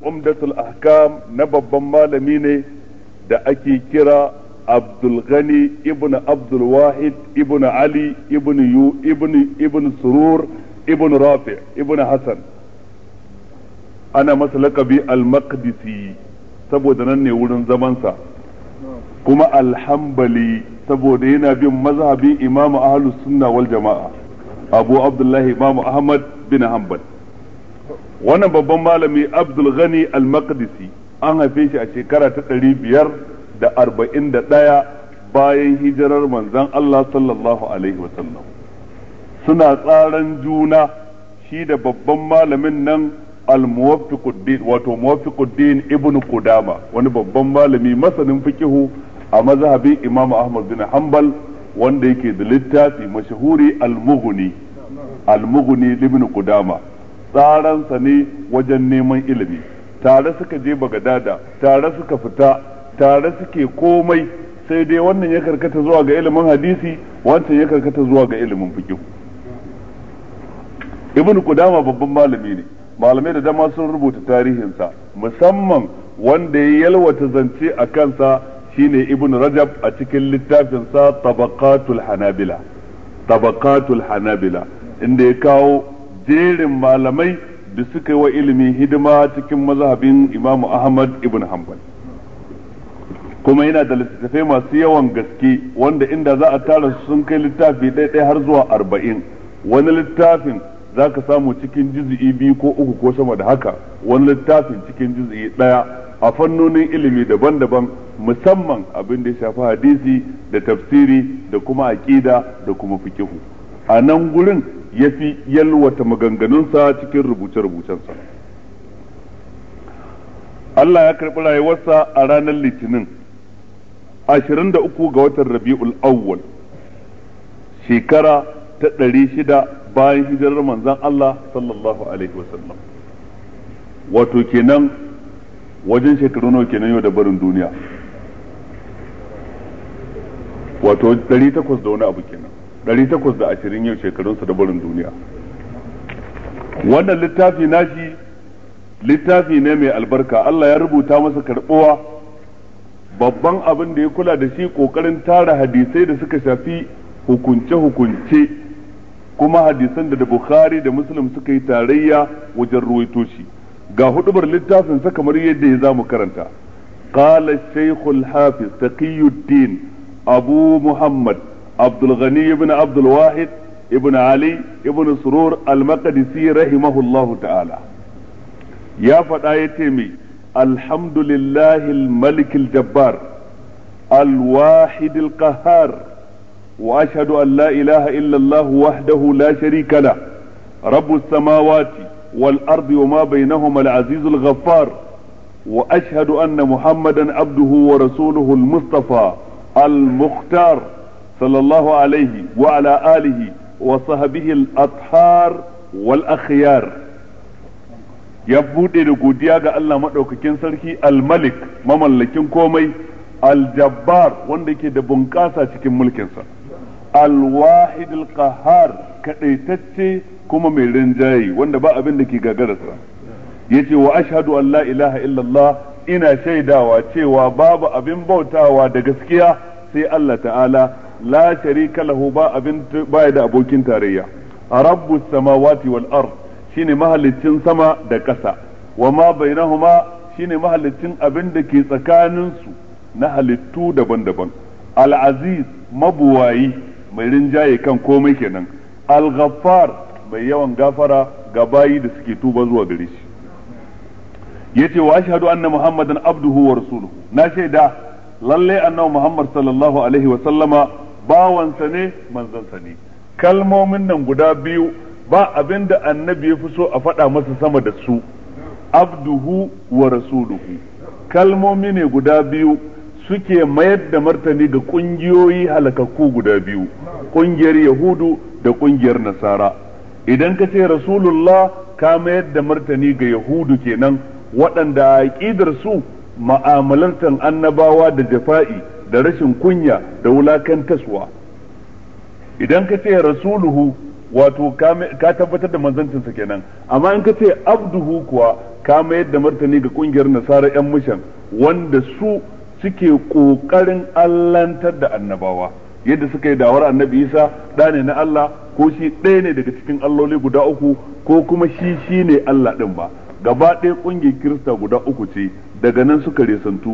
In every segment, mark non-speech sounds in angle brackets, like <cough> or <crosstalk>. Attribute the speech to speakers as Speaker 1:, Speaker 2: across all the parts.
Speaker 1: umdatul ahkam na babban malami ne da ake kira abdul gani, ibn abdul wahid ibn ali ibn yu ibn ibn surur ibn rafi ibn hasan ana masa lakabi al-maqdisi saboda nan ne wurin zamansa kuma alhambali saboda yana bin mazhabin imamu ahlus sunna wal jama'a abu abdullahi imamu ahmad bin hanbal wannan babban malami Abdul Ghani Al-Maqdisi an haife shi a shekara ta ɗari biyar da arba'in da ɗaya bayan hijirar manzon Allah sallallahu alaihi wasallam suna tsaran juna shi da babban malamin nan al wato muwaffiquddin ibnu Kudama wani babban malami masanin fikihu a mazhabin imam ahmad bin hanbal wanda yake da littafi mashahuri al muguni al muguni ibnu Kudama. tsaransa ne wajen neman ilimi tare suka je bagadada tare suka fita tare suke komai sai dai wannan ya karkata zuwa ga ilimin hadisi wancan ya karkata zuwa ga ilimin fikin ibn kudama babban malami ne malamai da dama sun rubuta tarihinsa musamman wanda ya yalwata zance a kansa shine ibn rajab a cikin littafinsa Tabakatul hanabila Tabakatul hanabila inda ya kawo jerin malamai da suka yi wa ilimi hidima cikin mazhabin Imam Ahmad ibn Hanbal kuma yana da littattafai masu yawan gaske wanda inda za a tara su sun kai littafi ɗaya har zuwa arba'in wani littafin za ka samu cikin juzu'i biyu ko uku ko sama da haka wani littafin cikin juzu'i ɗaya a fannonin ilimi daban-daban musamman abin da ya shafi hadisi da tafsiri da kuma aƙida da kuma fikihu a nan gurin ya fi yalwata maganganunsa cikin rubuce-rubucensa Allah ya karɓi rayuwarsa a ranar litinin 23 ga watan rabi'ul awwal shekara ta 600 bayan hijirar manzan Allah sallallahu alaihi wasallam wato kenan wajen shekaru nawa kenan yau da barin duniya wato 800 da wani abu kenan ɗari takwas da ashirin yau shekarunsa da barin duniya wannan littafi nashi littafi ne mai albarka Allah ya rubuta masa karɓuwa babban abin da ya kula da shi kokarin tara hadisai da suka shafi hukunce-hukunce kuma hadisan da da Bukhari da Muslim suka yi tarayya wajen ruwaito shi ga hudubar littafin sa kamar yadda ya zamu karanta qala shaykhul hafiz taqiyuddin abu muhammad Abdul Ghani ibn Abdul Wahid ibn Ali ibn Surur al-Maqdisi rahimahullahu ta'ala ya faɗa ya ce mai alhamdulillahi malikil jabbar الواحد القهار واشهد ان لا اله الا الله وحده لا شريك له رب السماوات والارض وما بينهما العزيز الغفار واشهد ان محمدا عبده ورسوله المصطفى المختار صلى الله عليه وعلى آله وصحبه الأطهار والأخيار ya buɗe da godiya ga Allah maɗaukakin sarki al-malik mamallakin komai al-jabbar wanda ke da bunƙasa cikin mulkinsa al-wahid al-qahar kadaitacce kuma mai rinjaye wanda ba abin da ke gagararsa yace wa ashhadu an la ilaha illallah ina shaidawa cewa babu abin bautawa da gaskiya sai Allah ta'ala la sharika lahu ba abin ba da abokin tarayya rabbu samawati wal ard shine mahallicin sama da ƙasa wa ma bainahuma shine mahaliccin abin da ke tsakanin su na halittu daban-daban al mabuwayi mai rinjaye kan komai kenan al'gafar ghaffar mai yawan gafara ga bayi da suke tuba zuwa gare shi yace wa ashhadu anna muhammadan abduhu wa rasuluhu na shaida lallai annabi muhammad sallallahu alaihi wa sallama bawansa ne manzansa ne kalmomin nan guda biyu ba abin da annabi ya fi so a faɗa masa sama da su abduhu wa rasuluhu kalmomi ne guda biyu suke mayar da martani ga ƙungiyoyi halakakku guda biyu ƙungiyar yahudu da ƙungiyar nasara idan ka ce rasulullah ka mayar da martani ga yahudu kenan waɗanda a aƙidar su ma'amalantar annabawa da jafa'i da rashin kunya da wulakantaswa idan ka ce rasuluhu wato ka tabbatar da manzancinsa kenan amma in ka ce abduhu kuwa ka mayar da martani ga kungiyar nasara yan mushan wanda su suke kokarin allantar da annabawa yadda suka yi dawar annabi isa da ne na allah ko shi ɗaya ne daga cikin alloli guda uku ko kuma shi shi ne allah ɗin ba gaba ɗaya ƙungiyar kirista guda uku ce daga nan suka resantu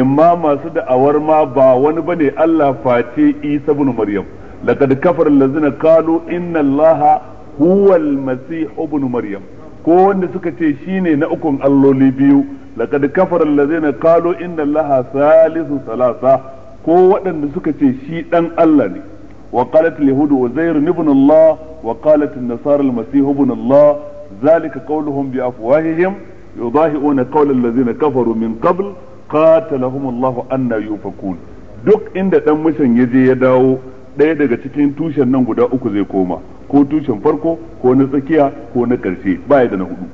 Speaker 1: imma masu da'awar ma ba wani bane Allah face Isa ibn Maryam laqad kafara allazina qalu inna allaha huwa al-masih ibn Maryam ko wanda suka ce shine na ukun alloli biyu laqad kafara allazina qalu inna allaha salisu salasa ko waɗanda suka ce shi dan Allah ne wa qalat al-yahud uzair ibn Allah wa qalat an-nasara al-masih ibn Allah zalika qawluhum bi afwahihim يضاهئون قول الذين كفروا من قبل قاتلهم الله anna yufakun duk inda dan mushan ya je ya dawo ɗaya daga cikin tushen nan guda uku zai koma ko tushen farko ko na tsakiya ko na ƙarshe ba da na hudu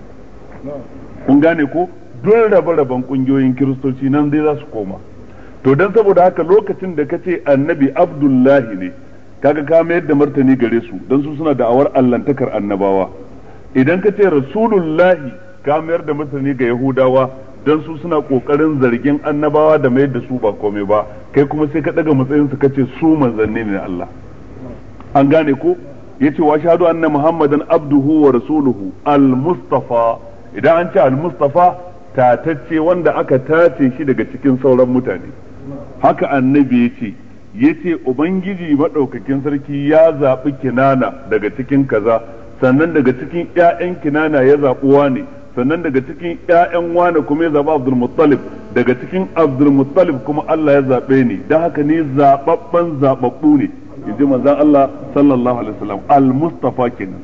Speaker 1: kun gane ko duk rabe-raben ƙungiyoyin kiristoci nan dai za su koma to don saboda haka lokacin da ka ce annabi abdullahi ne kaga ka mayar da martani gare su don su suna da'awar allantakar annabawa idan ka ce rasulullahi ka da mutane ga yahudawa don su suna kokarin zargin annabawa da mayar da su ba komai ba kai kuma sai ka daga matsayin su kace su manzanni ne Allah an gane ko yace wa shahadu anna muhammadan abduhu wa rasuluhu al-mustafa idan an ce al-mustafa tatacce wanda aka tace shi daga cikin sauran mutane haka annabi yace yace ubangiji madaukakin sarki ya zabi kinana daga cikin kaza sannan daga cikin ƴaƴan kinana ya zabi ne sannan daga cikin ƴaƴan wani kuma ya zaɓi Abdul Muttalib daga cikin Abdul Muttalib kuma Allah ya zaɓe ni don haka ni zaɓaɓɓen zaɓaɓɓu ne in ji manzan Allah sallallahu alaihi wasallam al Mustafa kenan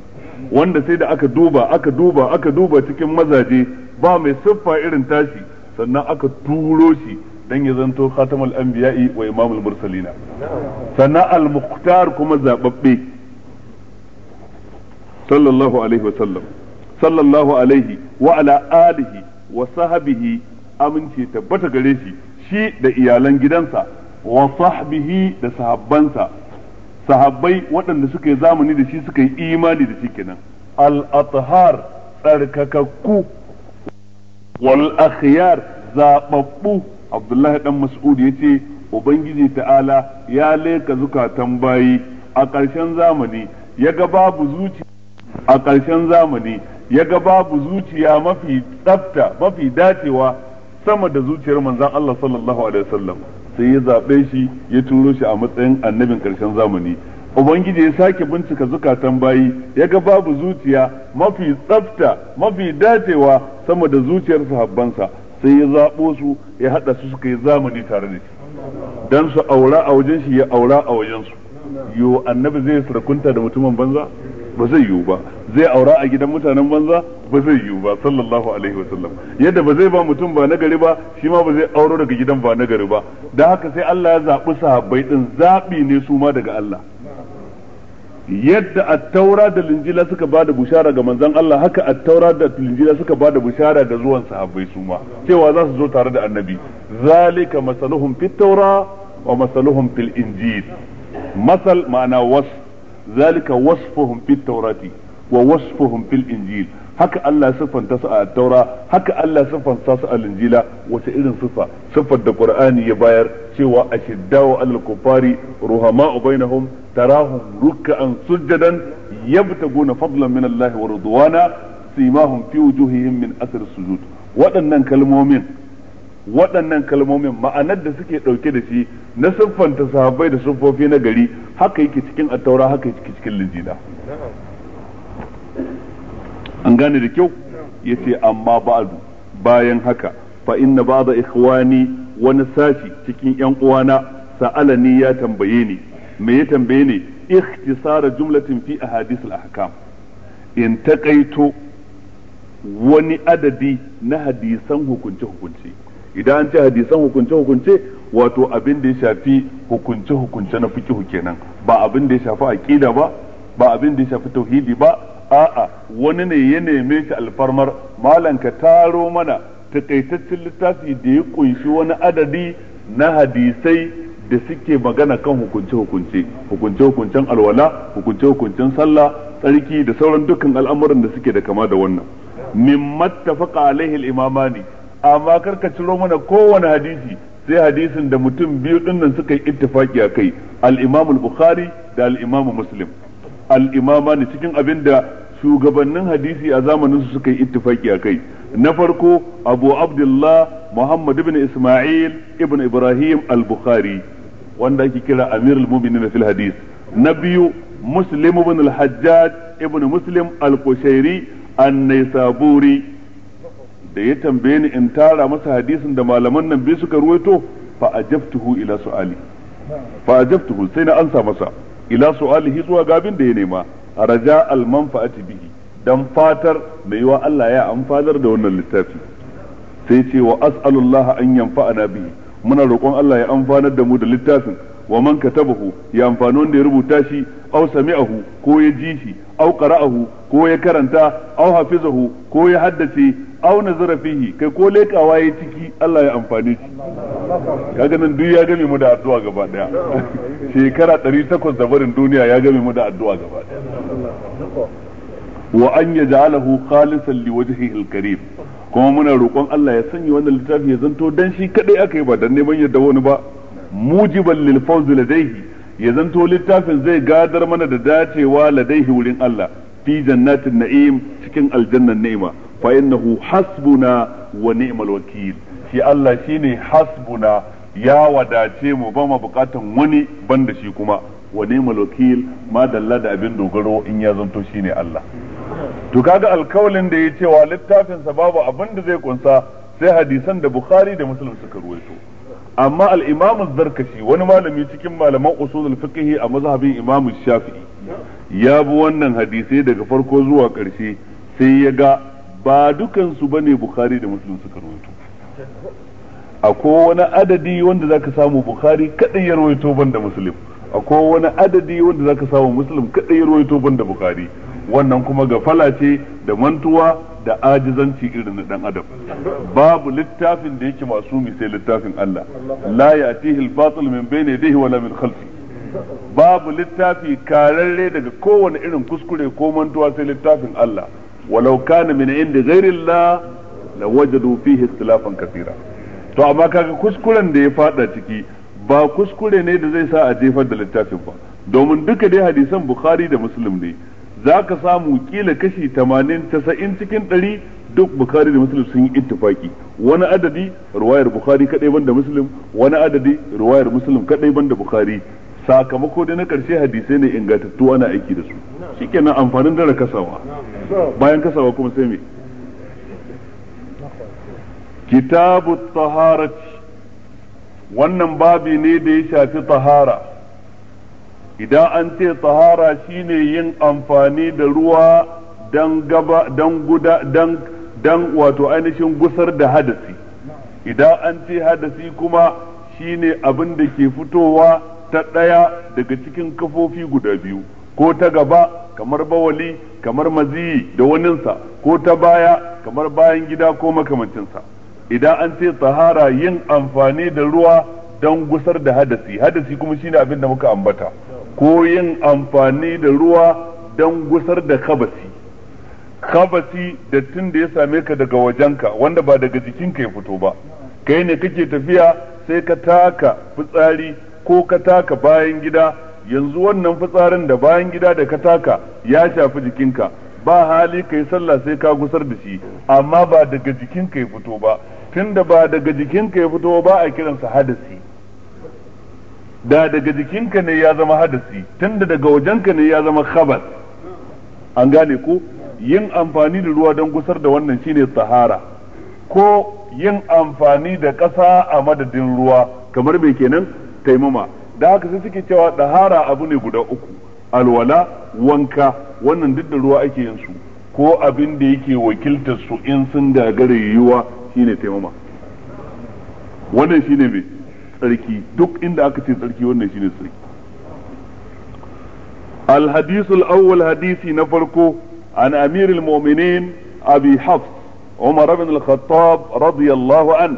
Speaker 1: wanda sai da aka duba aka duba aka duba cikin mazaje ba mai siffa irin tashi sannan aka turo shi dan ya zanto khatamul anbiya'i wa imamul mursalina sannan al mukhtar kuma zaɓaɓɓe sallallahu alaihi wasallam sallallahu alaihi wa ala alihi wa sahbihi aminci tabbata gare shi shi da iyalan gidansa wa sahbihi da sahabbansa sahabbai waɗanda suka yi zamani da shi suka yi imani da shi kenan al-athhar Tsarkakku wal akhyar zababbu abdullahi dan mas'ud yace ubangiji ta'ala ya leka zukatan bayi a ƙarshen zamani ya ga babu zuci a ƙarshen zamani ya ga babu zuciya mafi tsafta mafi dacewa sama da zuciyar manzan Allah sallallahu alaihi wasallam sai ya zaɓe shi ya turo shi a matsayin annabin ƙarshen zamani ubangiji ya sake bincika zukatan bayi ya ga babu zuciya mafi tsafta mafi dacewa sama da zuciyar sahabbansa sai ya zaɓo su ya haɗa su suka yi zamani tare da shi dan su aura a wajen shi ya aura a wajen su yo annabi zai surkunta da mutumin banza ba zai yiwu ba zai aura a gidan mutanen banza ba zai yiwu ba sallallahu alaihi wasallam yadda ba zai ba mutum ba na gari ba shi ma ba zai auro daga gidan ba na gari ba da haka sai Allah ya zaɓi sahabbai din zaɓi ne su ma daga Allah yadda attaura da linjila suka ba da bushara ga manzon Allah haka attaura da linjila suka ba da bushara da zuwan sahabbai su ma cewa za su zo tare da annabi zalika masaluhum fit taura wa masaluhum fil injil masal ma'ana wasu zalika wasfuhum fit taurati wa wasu fil injil haka Allah siffanta su a taura haka Allah siffanta su a wace irin siffa siffar da qur'ani ya bayar cewa ashiddaw alal kufari ruhama'u bainahum tarahum ruk'an sujadan yabtaguna fadlan min wa ridwana simahum sujud waɗannan kalmomin waɗannan kalmomin ma'anar da suke ɗauke da shi na siffanta sahabbai da siffofi na gari haka yake cikin attaura haka yake cikin linjila an gane da kyau ya ce amma ba'adu bayan haka fa inna ba'da ikhwani wani sashi cikin yan uwana sa'alani ya tambaye ni me ya tambaye ni ikhtisara jumlatin fi ahadith al-ahkam in takaito wani adadi na hadisan hukunce hukunce idan an ce hadisan hukunce hukunce wato abin da ya shafi hukunce hukunce na fiqh kenan ba abin da ya shafi aqida ba ba abin da ya shafi tauhidi ba a'a wani ne ya neme shi alfarmar malam ka taro mana takaitaccen littafi da ya kunshi wani adadi na hadisai da suke magana kan hukunce hukunce hukunce hukuncen alwala hukunce hukuncen sallah tsarki da sauran dukkan al'amuran da suke da kama da wannan Min tafaqa alaihi al-imamani amma karka ciro mana kowane hadisi sai hadisin da mutum biyu dinnan suka yi ittifaki a kai al-imam al-bukhari da al-imam muslim al-imama ne cikin abin da shugabannin hadisi a zamanin su suka yi ittifaki a kai na farko abu abdullah muhammad ibn isma'il ibn ibrahim al-bukhari wanda ake kira amir al-mu'minin fil hadis na biyu muslim ibn al-hajjaj ibn muslim al-qushairi an da ya tambaye ni in tara masa hadisin da malaman nan biyu suka ruwaito fa ajabtuhu ila su'ali fa ajabtuhu sai na ansa masa ila su'alihi zuwa gabin da ya nema raja al manfa'ati bihi dan fatar mai yiwa Allah ya amfanar da wannan littafi sai ce wa as'alullah an yanfa'ana bihi muna roƙon Allah ya amfanar da mu da littafin wa man katabahu ya amfani wanda ya rubuta shi aw sami'ahu ko ya ji shi aw qara'ahu ko ya karanta aw hafizahu ko ya haddace auna zarafihi kai ko lekawa ya ciki Allah ya amfani
Speaker 2: shi kaga
Speaker 1: nan duk ya game mu da addu'a gaba daya <laughs> shekara 800 da barin duniya ya game mu da addu'a gaba
Speaker 2: daya
Speaker 1: wa an yaj'alahu khalisan liwajhihi alkarim kuma muna roƙon Allah ya sanya wannan littafi ya zanto dan shi kadai aka yi ba dan neman yadda wani ba mujiban lil fawz ladayhi ya zanto littafin zai gadar mana da dacewa ladayhi wurin Allah fi jannatin na'im cikin aljannan ni'ima fa innahu hasbuna wa ni'mal wakil shi Allah shine hasbuna ya wadace mu ba mu bukatan wani banda shi kuma wa ni'mal wakil ma dalla da abin dogaro in ya zanto shine Allah to kaga alkawalin da ya cewa littafin sa babu abin da zai kunsa sai hadisan da Bukhari da Muslim suka ruwaito amma al-Imam az-Zarkashi wani malami cikin malaman usulul fiqh a mazhabin Imam Shafi'i ya bi wannan hadisai daga farko zuwa ƙarshe sai ya ga ba dukansu ba ne bukhari da muslim suka rawaito akwai wani adadi wanda zaka samu bukhari kadai ya rawaito ban da muslim akwai wani adadi wanda zaka samu muslim kadai ya rawaito ban da bukhari wannan kuma ga falace da mantuwa da ajizanci irin na dan adam babu littafin da yake masumi sai littafin Allah la ya'tihi al-batil min bayni yadihi wala min khalfi babu littafi kararre daga kowane irin kuskure ko mantuwa sai littafin Allah walau kana min inda ghairillah la wajadu fihi ikhtilafan kathira to amma kaga kuskuren da ya fada ciki ba kuskure ne da zai sa a jefar da littafin ba domin duka dai hadisan bukhari da muslim ne za ka samu kila kashi 80 90 cikin 100 duk bukhari da muslim sun yi ittifaki wani adadi ruwayar bukhari kadai banda muslim wani adadi ruwayar muslim kadai banda bukhari sakamako da na karshe hadisai ne ingantattu ana aiki da su shikenan amfanin dare kasawa bayan kasawa kuma sai me kitabu taharati wannan babi ne da ya shafi tahara idan an ce tahara shine yin amfani da ruwa don gaba don guda don don wato ainihin gusar da hadasi idan an ce hadasi kuma shine abin da ke fitowa ta ɗaya daga cikin kafofi guda biyu ko ta gaba kamar bawali kamar maziyi da waninsa ko ta baya kamar bayan gida ko makamancinsa idan an ce tsahara yin amfani da ruwa don gusar da hadasi hadasi kuma shine abin da muka ambata ko yin amfani da ruwa don gusar da kabasi kabasi da tun da ya same ka daga wajenka wanda ba daga jikinka ya fito ba kai ne kake tafiya sai ka taka fitsari ko ka taka bayan gida yanzu wannan fitsarin da bayan gida da ka taka ya shafi jikinka ba hali ka yi sallah sai ka gusar da shi amma ba daga jikinka ya fito ba tunda ba daga jikinka ya fito ba a kiransa hadasi da daga jikinka ne ya zama hadasi tunda daga wajenka ne ya zama khabar an gane ko yin amfani da ruwa don gusar da wannan shine tahara ko yin amfani da ƙasa a madadin ruwa kamar mai kenan taimama da haka sai suke cewa dahara abu ne guda uku alwala wanka wannan duk da ruwa ake yin su ko abin da yake wakiltar su in sun gagara yiwuwa shine taimama wannan shine mai tsarki duk inda aka ce tsarki wannan shine tsarki الحديث الأول حديثي نفركو عن أمير المؤمنين أبي حفص عمر بن الخطاب رضي الله عنه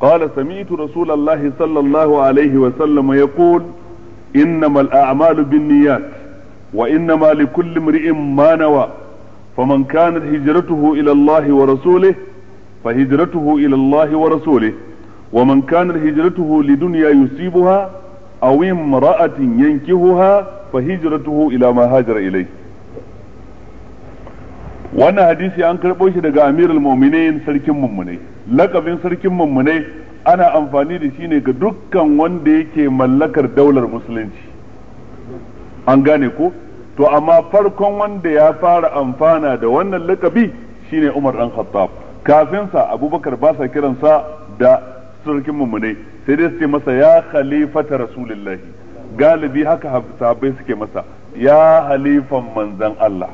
Speaker 1: قال سمعت رسول الله صلى الله عليه وسلم يقول إنما الأعمال بالنيات وإنما لكل امرئ ما نوى فمن كانت هجرته إلى الله ورسوله فهجرته إلى الله ورسوله ومن كانت هجرته لدنيا يصيبها أو امرأة ينكهها فهجرته إلى ما هاجر إليه wannan hadisi an karɓo shi daga amirul mu'minin sarkin mummunai lakabin sarkin mummunai ana amfani da shi ne ga dukkan wanda yake mallakar daular musulunci an gane ko to amma farkon wanda ya fara amfana da wannan lakabi shine umar dan khattab kafinsa abubakar ba sa kiransa da sarkin mummunai sai dai su masa ya khalifata rasulullahi galibi haka sahabbai suke masa ya halifan manzan Allah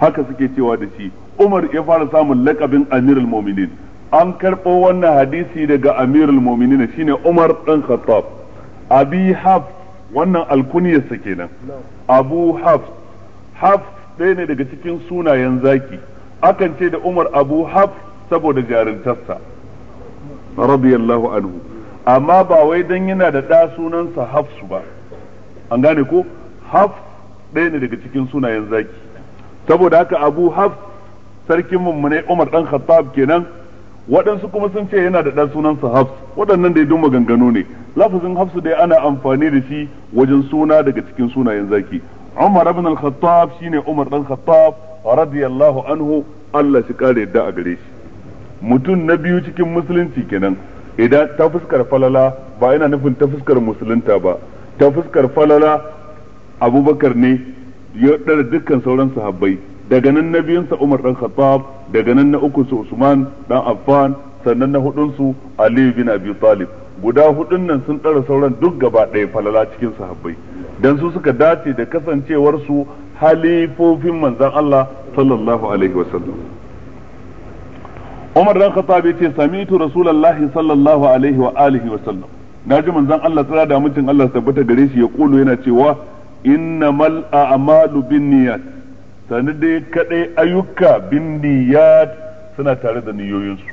Speaker 1: haka suke cewa da shi Umar ya fara samun lakabin Amirul Mu'minin an karɓo wannan hadisi daga Amirul Mu'minin shine Umar ɗan Khattab Abi haf wannan alkuniyarsa kenan Abu haf haf ɗaya ne daga cikin sunayen zaki akan ce da Umar Abu haf saboda jarintarsa radiyallahu anhu amma ba wai dan yana da ɗa sunansa Hafsu ba an gane ko haf ɗaya ne daga cikin sunayen zaki saboda haka abu haf sarkin mummune umar dan khattab kenan waɗansu kuma sun ce yana da ɗan sunansa hafs waɗannan da ya duma maganganu ne lafazin hafsu dai ana amfani da shi wajen suna daga cikin sunayen zaki umar ibn al-khattab shine umar dan khattab radiyallahu anhu Allah shi kare yadda a gare shi mutum na biyu cikin musulunci kenan idan ta fuskar falala ba yana nufin ta fuskar musulunta ba ta fuskar falala abubakar ne ya ɗara dukkan sauran sahabbai daga nan na biyunsa Umar dan Khattab daga nan na uku su Usman dan Affan sannan na hudun su Ali bin Abi Talib guda hudun nan sun dara sauran duk gaba ɗaya falala cikin sahabbai dan su suka dace da kasancewar su halifofin manzon Allah sallallahu alaihi wasallam Umar dan Khattab ya ce samitu Rasulullahi sallallahu alaihi wa alihi wasallam naji manzon Allah tsara da mutum Allah tabbata gare shi ya kulo yana cewa mal a'malu niyyat sani dai kadai ayyuka niyyat suna tare da niyoyinsu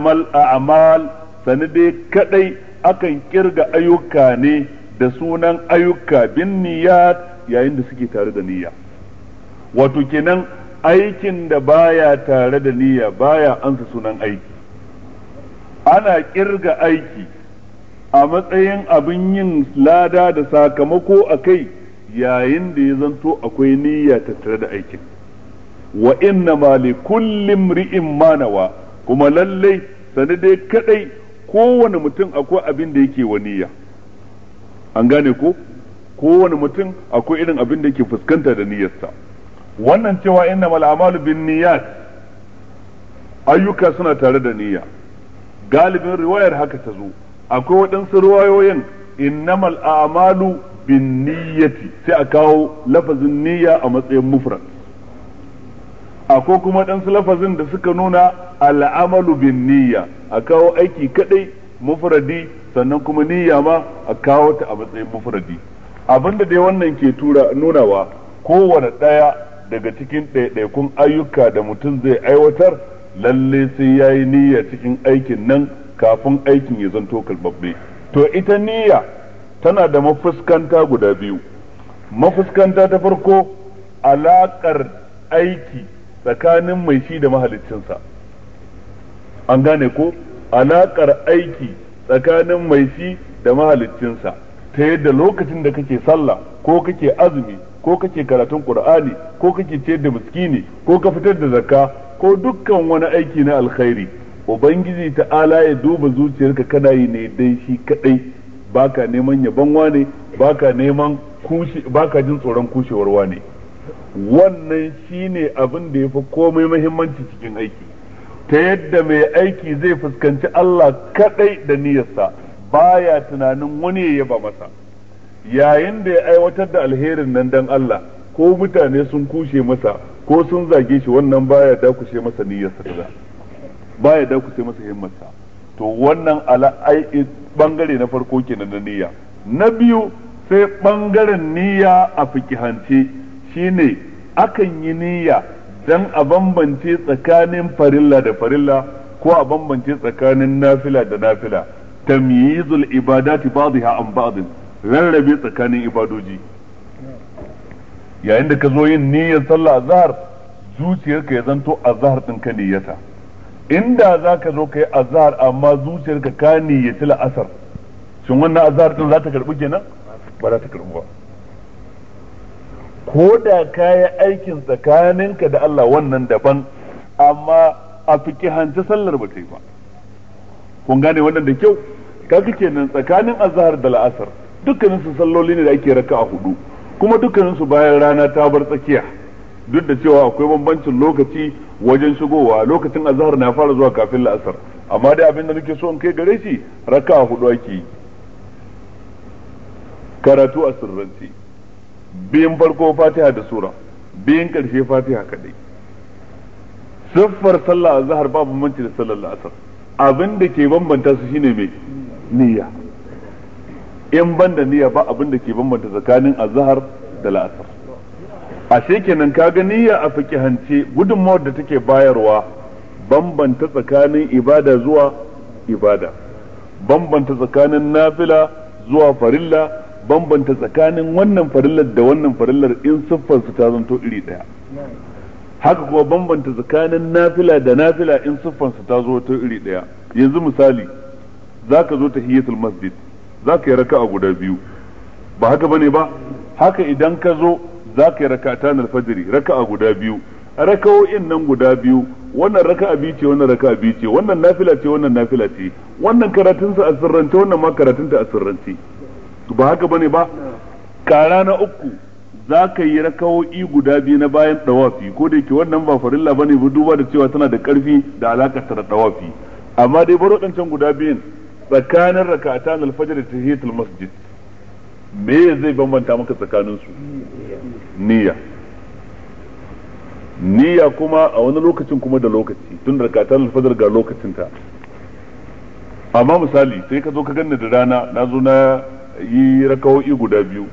Speaker 1: mal a'mal sani dai kadai akan kirga ayyuka ne da sunan ayyuka niyyat yayin da suke tare da niyya wato kenan aikin da baya tare da niyya baya ansa sunan aiki ana kirga aiki a matsayin abin yin lada da sakamako a kai yayin da ya zanto akwai niyya tattare da aikin wa inna ma li kullum ri'in manawa kuma lallai sani dai kadai kowane mutum akwai abin da yake wa niyya an gane ko kowane mutum akwai irin abin da yake fuskanta da niyyarsa wannan cewa inna ma al'amalu bin niyyat ayyuka suna tare da niyya galibin riwayar haka ta zo akwai waɗansu ruwayoyin innamal a'malu bin niyyati sai a kawo lafazin niyya a matsayin mufrad akwai kuma waɗansu lafazin da suka nuna al'amalu bin niyya a kawo aiki kadai mufradi sannan kuma niyya ma a kawo ta a matsayin mufradi abinda dai wannan ke tura nunawa kowane ɗaya daga cikin ɗaiɗaikun ayyuka da mutum zai aiwatar lalle sai ya yi niyya cikin aikin nan kafin aikin ya zanto kalbabbe to ita niyya tana da mafuskanta guda biyu mafuskanta ta farko alaƙar aiki tsakanin mai shi da mahaliccinsa an gane ko alaƙar aiki tsakanin mai shi da mahaliccinsa ta yadda lokacin da kake sallah ko kake azumi ko kake karatun qur'ani ko kake ciyar da miskini ko ka fitar da zakka ko dukkan wani aiki na alkhairi ubangiji ta'ala ya duba zuciyarka kana yi ne dai shi kadai baka neman yabon wane baka neman kushi baka jin tsoron kushewar wane wannan shine abin da ya fi komai muhimmanci cikin aiki ta yadda mai aiki zai fuskanci Allah kadai da niyyarsa baya tunanin wani ya yaba masa yayin da ya aiwatar da alherin nan dan Allah ko mutane sun kushe masa ko sun zage shi wannan baya dakushe masa niyyarsa ta baya da ku sai masa himmarsa to wannan ala bangare na farko kenan na niyya na biyu sai bangaren niyya a fikihance shine akan yi niyya dan a bambance tsakanin farilla da farilla ko a bambance tsakanin nafila da nafila tamyizul ibadati ba'dha an ba'd rarrabe tsakanin ibadoji yayin da ka zo yin niyyar sallah azhar zuciyarka ya zanto azhar din ka niyyata inda za ka zo ka yi azhar amma zuciyarka ka niyyaci la'asar shin wannan azhar din za ta karbi kenan ba za ta karbi ba ko da ka yi aikin tsakaninka da Allah wannan daban amma a hanci sallar ba ta yi ba kun gane wannan da kyau kaga kenan tsakanin azhar da la'asar dukkanin su salloli ne da ake raka a hudu kuma dukkanin su bayan rana ta bar tsakiya duk da cewa akwai bambancin lokaci wajen shigowa lokacin azhar na fara zuwa kafin la'asar amma dai abin da nake so in kai gare shi raka hudu ake karatu a sirrance biyan farko fatiha da sura biyan karshe fatiha kadai siffar sallah azhar babu manci da sallar la'asar abin da ke bambanta su shine mai niyya in banda niyya ba abin da ke bambanta tsakanin azhar da la'asar ashe kenan kaga niyya a fiqihance gudunmawar da take bayarwa bambanta tsakanin ibada zuwa ibada bambanta tsakanin nafila zuwa farilla bambanta tsakanin wannan farillar da wannan farillar in siffarsu ta zanto iri daya haka kuma bambanta tsakanin nafila da nafila in siffarsu ta zo ta iri daya yanzu misali zaka zo tahiyatul masjid zaka yi raka'a guda biyu ba haka bane ba haka idan ka zo za ka yi rakata na alfajiri a guda biyu raka'o'in nan guda biyu wannan raka biyu ce wannan raka biyu ce wannan nafila ce wannan nafila ce wannan karatun sa a sirrance wannan ma karatun ta a sirrance ba haka bane ba kara na uku za ka yi raka'o'i guda biyu na bayan dawafi ko da yake wannan ba farilla bane ba duba da cewa tana da karfi da alaka ta da dawafi amma dai bar waɗancan guda biyun tsakanin raka'ata na alfajiri da tahiyatul masjid me zai bambanta maka tsakanin su niyya niyya kuma a wani lokacin kuma da lokaci tun da katar alfadar ga lokacinta amma misali sai ka zo ka ganni da rana na zo na yi rakawo'i guda biyu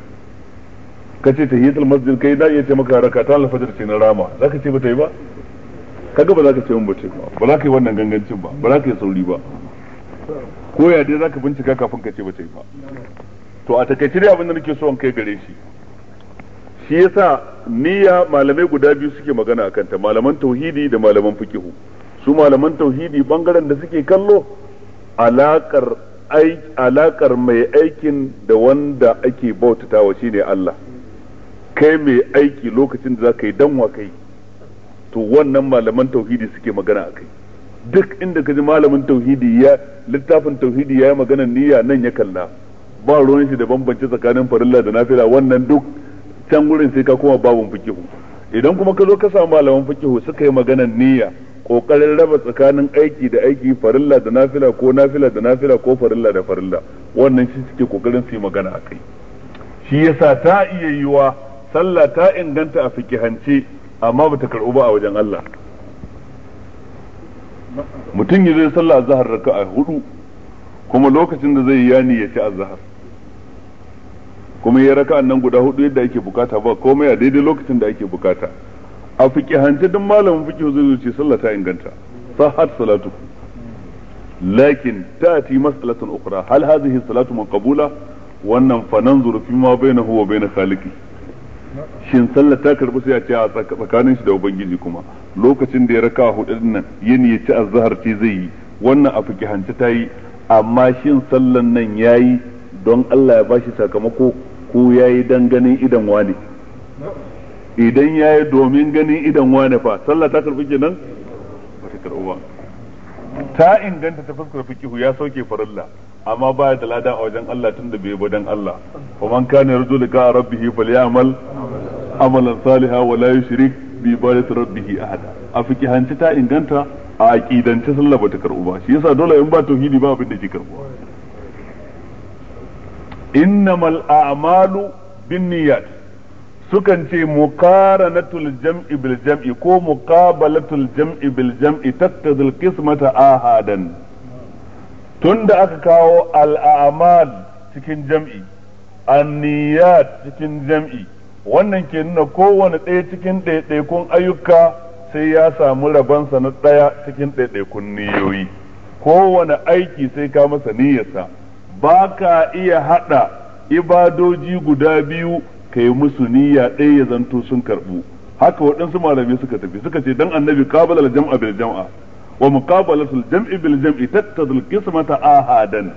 Speaker 1: ka ce ta hiyatul masjid kai na iya ce maka rakatar alfadar ce na rama za ka ce ba ta yi ba kaga ba za ka ce mun ba ce ba ba za ka yi wannan gangancin ba ba za ka yi sauri ba ko ya dai za ka bincika kafin ka ce ba ta yi ba to a takaice dai abin da nake so in kai gare shi shi yasa niyya malamai guda biyu suke magana akan ta malaman tauhidi da malaman fikihu su malaman tauhidi bangaren da suke kallo alakar alakar mai aikin da wanda ake bautatawa shine Allah kai mai aiki lokacin da za ka danwa kai to wannan malaman tauhidi suke magana akai duk inda ka ji malamin tauhidi ya littafin tauhidi ya yi maganar niyya nan ya kalla ba ruwan shi da bambanci tsakanin farilla da nafila wannan duk can gurin sai ka koma babun fikihu idan kuma ka zo ka samu malaman fikihu suka yi maganar niyya kokarin raba tsakanin aiki da aiki farilla da nafila ko nafila da nafila ko farilla da farilla wannan shi suke kokarin su yi magana a kai shi yasa ta iya yiwa sallah ta inganta a fikihance amma bata karɓu ba a wajen Allah mutum ya zai sallah zahar a hudu kuma lokacin da zai yi yani ya ci zahar. kuma ya raka nan guda hudu yadda ake bukata ba komai a daidai lokacin da ake bukata a hanci duk malamin fiqh zai zuci sallah ta inganta sahat salatu lakin ta tati mas'alatan ukhra hal hadhihi salatu manqabula wannan fa nanzuru fi ma bainahu wa bain khaliqi shin sallah ta karbi sai a ce a tsakanin shi da ubangiji kuma lokacin da ya raka hudu nan yin ya ci azhar ce zai yi wannan a hanci ta yi amma shin sallan nan yayi don Allah ya bashi sakamako ko ya yi don ganin idan wane idan ya yi domin ganin idan wane fa sallah ta karfi ke ba ta ba ta inganta ta fuskar fikihu ya sauke farilla amma ba da lada a wajen Allah tun da bai dan Allah fa man kana yarju liqa rabbihi falyamal amalan salihan wa la yushrik bi ibadati rabbih ahada a hanci ta inganta a aqidance sallah ta karbu ba shi yasa dole in ba tauhidi ba abin da ke karbuwa innamal a'malu binniyat sukan ce muqaranatul jam'i bil jam'i ko muqabalatul jam'i bil jam'i taqtadil qismata ahadan tunda aka kawo al'amal cikin jam'i anniyat cikin jam'i wannan ke nuna kowane ɗaya cikin ɗaiɗaikun ayyuka sai ya samu rabansa na ɗaya cikin ɗaiɗaikun niyoyi kowane aiki sai ka masa niyyarsa ba ka iya haɗa ibadoji guda biyu ka yi musu niyya ɗaya ya zanto sun karɓu haka waɗansu malamai suka tafi suka ce dan annabi kabala al jam'a bil jam'a wa muqabalatu al jam'i bil jam'i tattadul qismata ahadan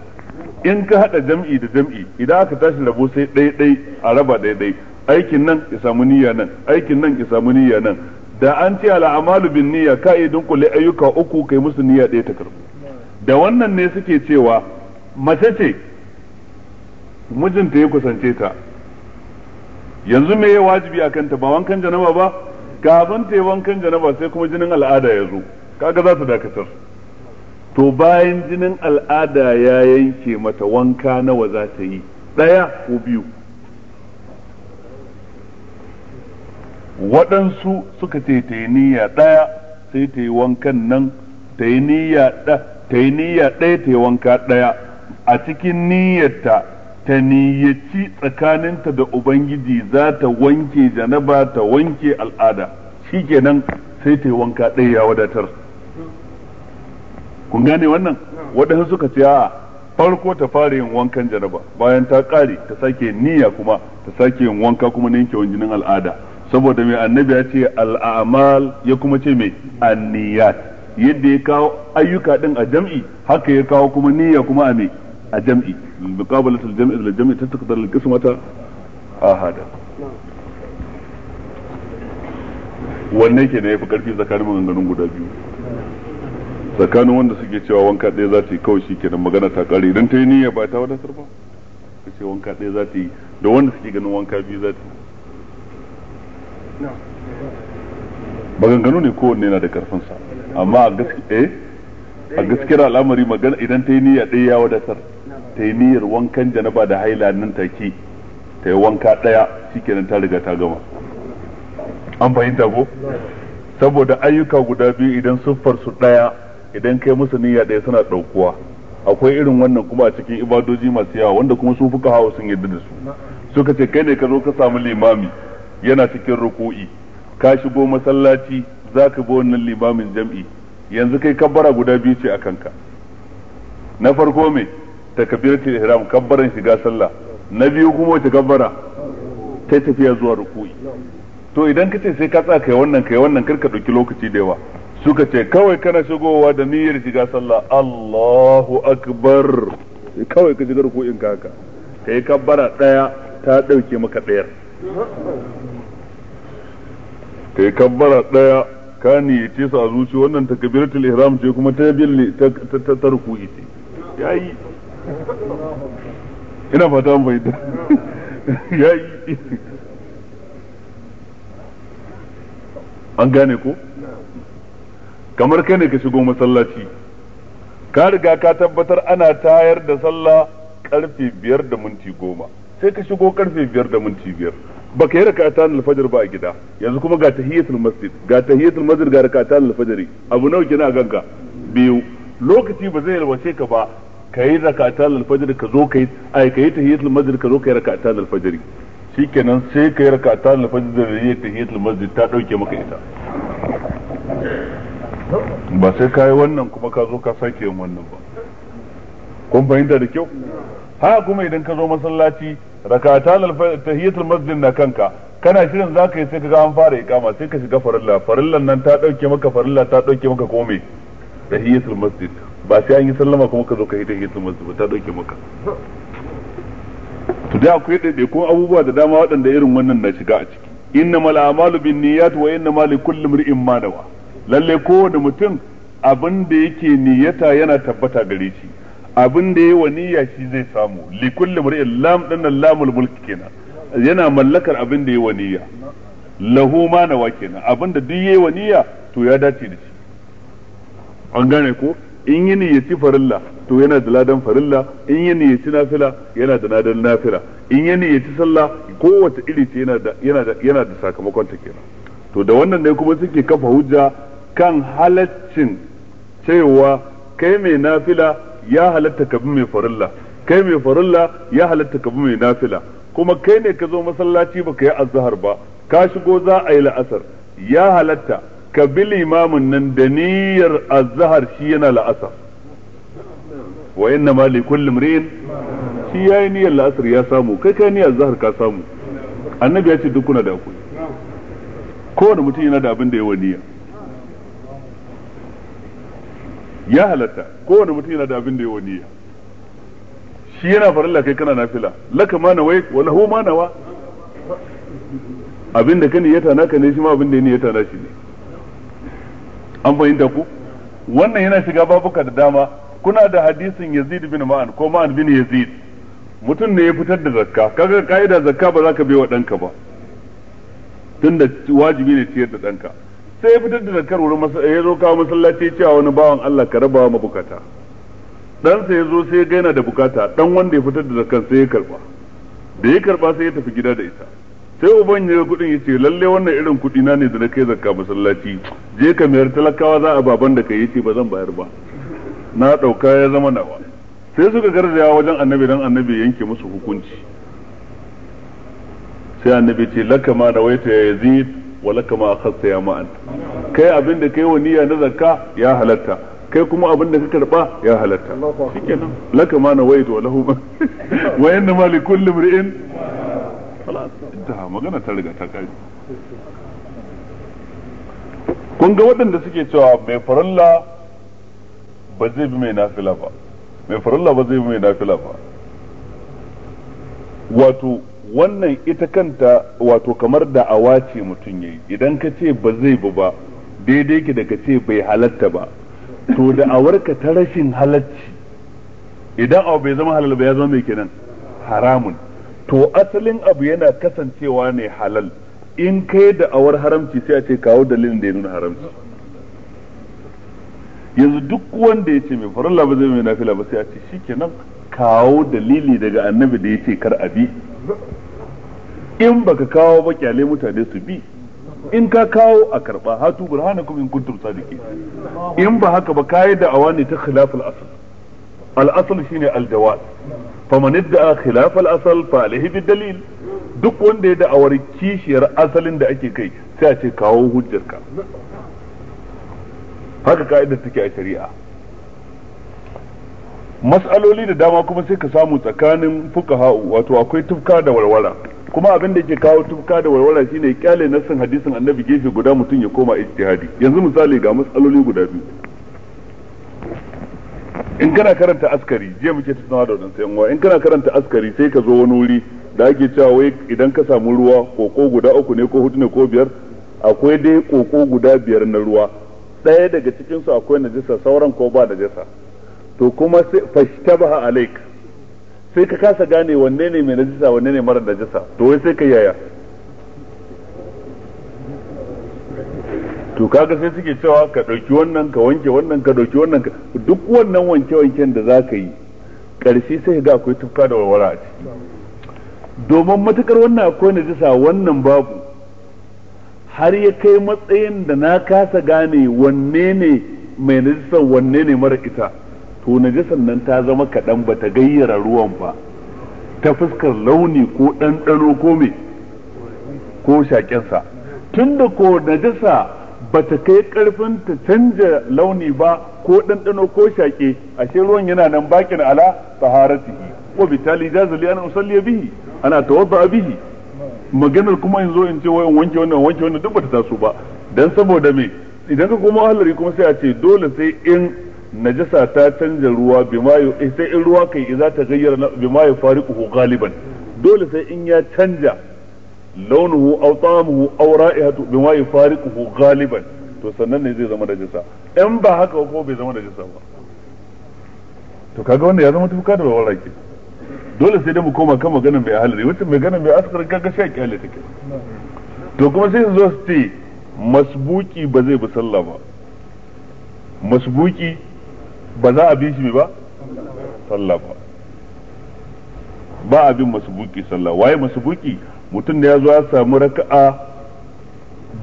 Speaker 1: in ka haɗa jam'i da jam'i idan aka tashi rabo sai ɗaya ɗaya a raba ɗaya ɗaya aikin nan ya samu niyya nan aikin nan ya samu niyya nan da an ce amalu bin niyya ka iya dunkule ayyuka uku kai musu niyya ɗaya ta karbu da wannan ne suke cewa mace ce mijinta ya kusance ta yanzu me ya wajibi a kanta ba wankan janaba ba kafin ta yi wankan janaba sai kuma jinin al'ada ya zo kaga za ta dakatar to bayan jinin al'ada ya yanke mata wanka nawa za ta yi ɗaya ko biyu waɗansu suka ce ta yi niyya ɗaya sai ta yi wankan nan ta yi niyya ɗaya ta yi wanka ɗaya a cikin niyyarta ta niyyaci tsakaninta da ubangiji za ta wanke janaba ta wanke al'ada Shi nan sai ta yi wanka ɗaya ya wadatar kun gane wannan waɗansu suka ce a farko ta fara yin wankan janaba bayan ta ƙare ta sake niyya kuma ta sake yin wanka kuma na yanke wanginin al'ada saboda mai annabi ya ce al'amal ya kuma ce mai anniyat yadda ya kawo ayyuka ɗin a jam'i haka ya kawo kuma niyya kuma a mai a jam'i muqabalatul jam'i lil jam'i tatakdar lil qismata ahada wanne ke da yafi karfi tsakanin maganganun guda biyu tsakanin wanda suke cewa wanka ɗaya za ta yi kawai shi kenan magana ta ƙare idan ta yi niyya ba ta wadatar ba ka ce wanka ɗaya za ta yi da wanda suke ganin wanka biyu za ta yi maganganu ne kowanne yana da ƙarfinsa amma a gaskiya al'amari magana idan ta yi niyya ɗaya ya wadatar ta yi niyyar wankan janaba da haila nan take ta yi wanka ɗaya shikenan ta riga ta gama an fahimta ko saboda ayyuka guda biyu idan siffar su ɗaya idan kai musu niyya ɗaya suna ɗaukuwa akwai irin wannan kuma a cikin ibadoji masu yawa wanda kuma su fuka hawa sun yadda da su suka ce kai ne ka zo ka samu limami yana cikin ruku'i ka shigo masallaci za ka bi wannan limamin jam'i yanzu kai kabbara guda biyu ce a kanka na farko me takbiratul ihram kabbaran shiga sallah na biyu kuma wata kabbara ta tafiya zuwa ruku'i to idan kace sai ka tsaka kai wannan kai wannan karka dauki lokaci da yawa suka ce kawai kana shigowa da niyyar shiga sallah Allahu akbar kawai ka shiga ruku'in ka haka kai kabbara daya ta dauke maka dayar kai kabbara daya ka niyyace su a zuci wannan takbiratul ihram ce kuma ta ta ruku'i ce yayi ina fata an bai ya yi an gane ko kamar kai ne ka shigo masallaci ka riga ka tabbatar ana tayar da sallah karfe biyar da minti goma sai ka shigo karfe biyar da minti biyar baka yi rakatan alfajar ba a gida yanzu kuma ga tahiyatul masjid ga tahiyatul masjid ga ta alfajari abu nawa kina ganka biyu lokaci ba zai yalwace ka ba kai yi al-fajr ka zo kai ai kai tahiyatul masjid ka zo kai rakata al shi shikenan sai kai rak'atan al-fajr da yi tahiyatul masjid ta dauke maka ita ba sai kai wannan kuma ka zo ka sake yin wannan ba kun fahimta da kyau ha kuma idan ka zo masallaci rakata al-fajr masjid na kanka kana shirin za ka yi sai ka ga an fara ikama sai ka shiga farilla farillan nan ta dauke maka farilla ta dauke maka kome tahiyatul masjid ba sai an yi sallama kuma ka zo ka yi tahiyatul masjid ta dauke maka to da akwai ko abubuwa da dama waɗanda irin wannan na shiga a ciki inna mala amalu bin niyyat wa inna mal kullu ri'in ma nawa lalle kowane mutum abin da yake niyyata yana tabbata gare shi abin da yayi wa niyya shi zai samu li kulli mar'in lam lamul mulk kenan yana mallakar abin da yayi wa niyya lahu ma nawa kenan abin da duk yayi wa niyya to ya dace da shi an gane ko in yi niyyaci farilla to yana da ladan farilla in yi niyyaci nafila yana da ladan nafila in yi niyyaci sallah kowace iri ce yana da sakamakon ta kenan to da wannan ne kuma suke kafa hujja kan halaccin cewa kai mai nafila ya halatta ka bi mai farilla kai mai farilla ya halatta ka bi mai nafila kuma kai ne ka zo masallaci baka yi azhar ba ka shigo za a yi la'asar ya halatta ka bi limamin nan da niyyar azhar shi yana la'asar wa inna ma li kulli mri'in shi yayi niyyar la'asar ya samu kai kai niyyar azhar ka samu annabi ya ce duk kuna da akwai kowane mutum yana da abin da yawa niyya ya halatta kowane mutum yana da abin da yawa niyya shi yana farilla kai kana nafila laka ma nawai wa lahu ma nawa abin da ka tana naka ne shi ma abin da ya tana na shi ne an bayyana ku wannan yana shiga babuka da dama kuna da hadisin Yazid bin Ma'an ko Ma'an bin Yazid mutum ne ya fitar da zakka kaga kaida zakka ba za ka bai wa danka ba tunda wajibi ne ciyar da danka sai ya fitar da zakkar wurin ya zo kawo masallaci cewa wani bawan Allah ka rabawa mabukata dan sai ya zo sai ya gaina da bukata dan wanda ya fitar da zakkan sai ya karba da ya karba sai ya tafi gida da ita sai uban ya kudin ya ce lalle wannan irin kudi na ne da na kai zakka masallaci je ka mayar talakawa za a baban da kai yace ba zan bayar ba na dauka ya zama nawa sai suka garzaya wajen annabi dan annabi yanke musu hukunci sai annabi ce laka ma waita ya yazid wa laka ma akhadta ya ma'an kai abin da kai waniya na zakka ya halatta kai kuma abin da ka karba ya halatta shikenan laka ma nawaita wa lahu ma <laughs> wa inna ma intaha magana ta riga ta kare kun ga waɗanda suke cewa mai farilla ba zai bi mai nafila ba mai farilla ba zai bi mai nafila ba wato wannan ita kanta wato kamar awa ce mutum yayi idan ka ce ba zai bi ba daidai ki da ka ce bai halatta ba to da awarka ta rashin halacci idan abu bai zama halal ba ya zama mai kenan haramun to asalin abu yana kasancewa ne halal in kai da awar haramci sai a ce kawo dalilin da ya nuna haramci yanzu duk wanda ya ce mai farilla ba zai mai nafila ba sai a ce shikenan kawo dalili daga annabi da ya ce kar a bi in baka kawo ba kyale mutane su bi in ka kawo a karba hatu burhanakum in kuntum sadiqin in ba haka ba kai da awani ta khilaful asl al'asal shine aljawaz faman idda khilaf al'asal fa alaihi duk wanda ya da'awar kishiyar asalin da ake kai sai a ce kawo hujjarka haka ka'idar take a shari'a mas'aloli da dama kuma sai ka samu tsakanin fukaha'u wato akwai tufka da warwara kuma abin da ke kawo tufka da warwara shine kyale nassin hadisin annabi gefe guda mutum ya koma ijtihadi yanzu misali ga matsaloli guda biyu in kana karanta askari jiya muke tattaunawa da wadansu yan uwa in kana karanta askari sai ka zo wani wuri da ake cewa wai idan ka samu ruwa koko guda uku ne ko hudu ne ko biyar akwai dai koko guda biyar na ruwa ɗaya daga cikin su akwai jisa sauran ko ba najasa to kuma sai ba alaik sai ka kasa gane wanne ne mai jisa wanne ne mara najasa to wai sai ka yaya to kaga sai suke cewa ka ɗauki wannan ka wanke wannan ka ɗauki wannan ka duk wannan wanke-wanken da za ka yi ƙarshe sai ga akwai tufka da warwara a ciki domin matukar wannan akwai na jisa wannan babu har ya kai matsayin da na kasa gane wanne ne mai najisar wanne ne mara ita to najisar nan ta zama kaɗan ba ta gayyara ruwan ba ta fuskar launi ko ɗanɗano ko me ko shaƙensa tun da ko najisa ba ta kai karfin ta canja launi ba ko ɗanɗano ko shaƙe ashe ruwan yana nan bakin ala taharatihi wa bitali jazali ana usalli bihi ana tawadda bihi maganar kuma in zo in ce wayan wanke wannan wanke wannan duk bata taso ba dan saboda me idan ka koma halari kuma sai a ce dole sai in najasa ta canja ruwa bima eh, sai in ruwa kai za ta gayyara bima yafariquhu galiban dole sai in ya canja لونه او طعمه او رائحته بما يفارقه غالبا to sannan ne zai zama jisa? in ba haka ko bai zama jisa ba to kaga wanda ya zama tufka da bawara ke dole sai dai mu koma kan maganar mai ahalari wata mai ganin mai askar kaga sha kyale take to kuma sai su zo su ce masbuki ba zai bi sallah ba masbuki ba za a bi shi ba sallah ba ba a bin masbuki sallah waye masbuki mutum da ya zo ya samu raka'a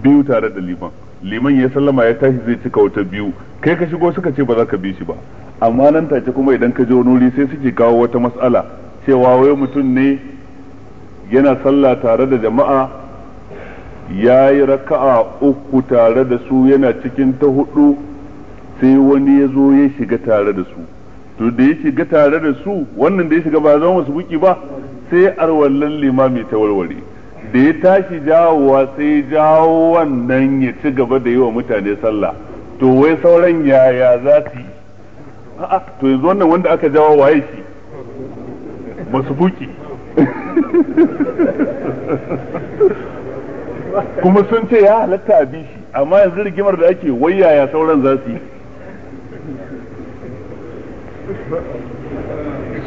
Speaker 1: biyu tare da liman liman ya sallama ya tashi zai cika wata biyu kai ka shigo suka ce ba za ka bi shi ba amma nan take kuma idan ka je wani sai suke kawo wata matsala cewa wai mutum ne yana sallah tare da jama'a ya yi raka'a uku tare da su yana cikin ta hudu sai wani ya zo ya shiga tare da su to da ya shiga tare da su wannan da ya shiga ba zama masu buki ba sai arwallan limami ta warware da ya tashi jawowa sai jawo wannan ya ci gaba da yi wa mutane sallah to wai sauran yaya za su yi a'a to yanzu wannan wanda aka jawo waye shi masu buki kuma sun ce ya halatta a bishi amma yanzu rigimar da ake wai yaya sauran za su yi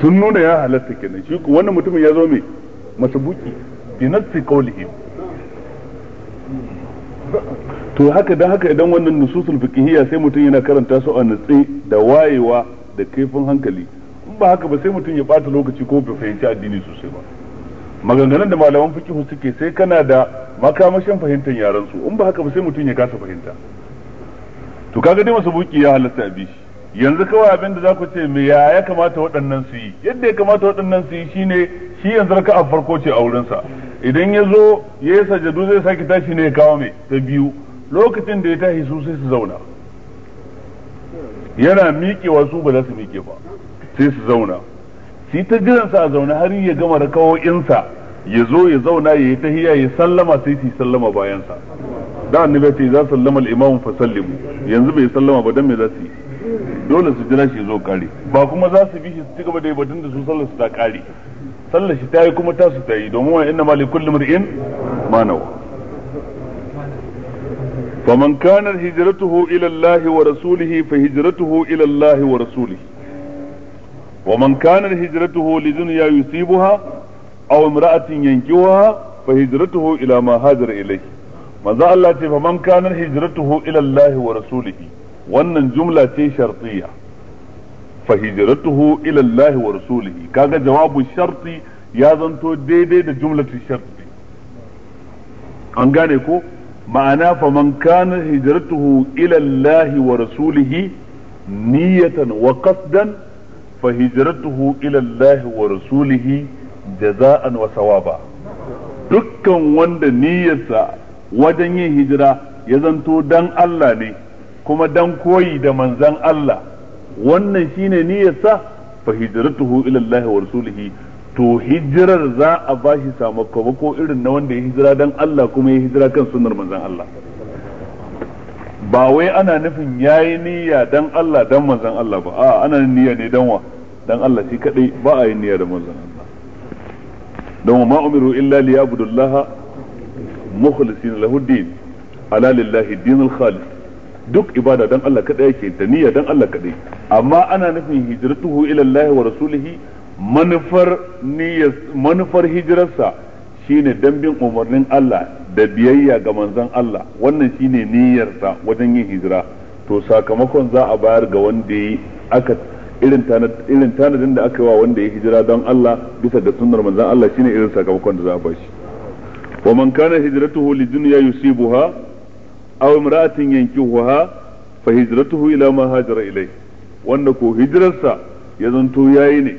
Speaker 1: sun nuna ya halatta kenan shi wannan mutumin ya zo mai masabuki bi nafsi qawlihi to haka dan haka idan wannan nususul fiqhiyya sai mutum yana karanta su a natsi da wayewa da kaifin hankali in ba haka ba sai mutum ya bata lokaci ko bai fahimci addini sosai ba maganganun da malaman fiqh suke sai kana da makamashin fahimtar yaran su in ba haka ba sai mutum ya kasa fahimta to kaga dai masabuki ya halatta a bishi yanzu kawai abin da za ku ce me ya ya kamata waɗannan su yi yadda ya kamata waɗannan su yi shine shi yanzu raka a farko ce a wurinsa idan ya zo ya yi sajadu zai sake tashi ne ya kawo mai ta biyu lokacin da ya tashi su sai su zauna yana miƙewa su ba za su miƙe ba sai su zauna shi ta jiransa a zaune har ya gama da rakawo'insa ya zo ya zauna ya yi tahiya ya sallama sai su sallama bayansa da annabi ce za sallama al-imam fa sallimu yanzu bai sallama ba dan me za su yi dole su jira shi zo kare ba kuma za su bi shi su ci gaba da ibadun da su sallar su ta kare sallar shi ta yi kuma ta su ta yi domin wa inna ma li kulli mar'in ma nawa فمن كانت هجرته إلى الله ورسوله فهجرته إلى الله ورسوله ومن كانت هجرته لدنيا يصيبها أو امرأة ينكوها فهجرته إلى ما هاجر إليه ماذا الله فمن كانت هجرته إلى الله ورسوله wannan jumla ce shartiya fa hijratuhu ila Allah wa rasulihi kaga jawabu sharti ya zanto daidai da jumlatu sharti an gane ko ma'ana fa man kana hijratuhu ila Allah wa rasulihi niyatan wa qasdan fa hijratuhu ila Allah wa rasulihi jaza'an wa sawaba dukkan wanda niyyarsa wajen yin hijira ya zanto dan Allah ne kuma dan koyi da manzan Allah wannan shine niyyarsa fa hijratuhu ila Allah wa rasulihi to hijirar za a bashi sakamako irin na wanda ya hijira dan Allah kuma ya hijira kan sunnar manzan Allah ba wai ana nufin yayi niyya dan Allah dan manzan Allah ba a ana niyya ne dan wa dan Allah shi kadai ba a yi niyya da manzan Allah don ma umiru illa liyabudullaha mukhlisin lahu din ala lillahi dinul khalis duk ibada dan Allah kadai yake da niyya dan Allah kadai amma ana nufin hijratuhu ila Allah wa rasulihi manufar niyya manufar hijirarsa shine dambin umarnin Allah da biyayya ga manzon Allah wannan shine niyyarsa wajen yin hijira to sakamakon za a bayar ga wanda yi aka irin tanadin da aka yi wa wanda ya hijira don Allah bisa ga sunnar manzon Allah shine irin sakamakon da za a bashi wa man kana hijratuhu lidunya yusibuha aw imra'atin yankihuha fa hijratuhu ila ma hajara ilai wanda ko hijirarsa ya zanto yayi ne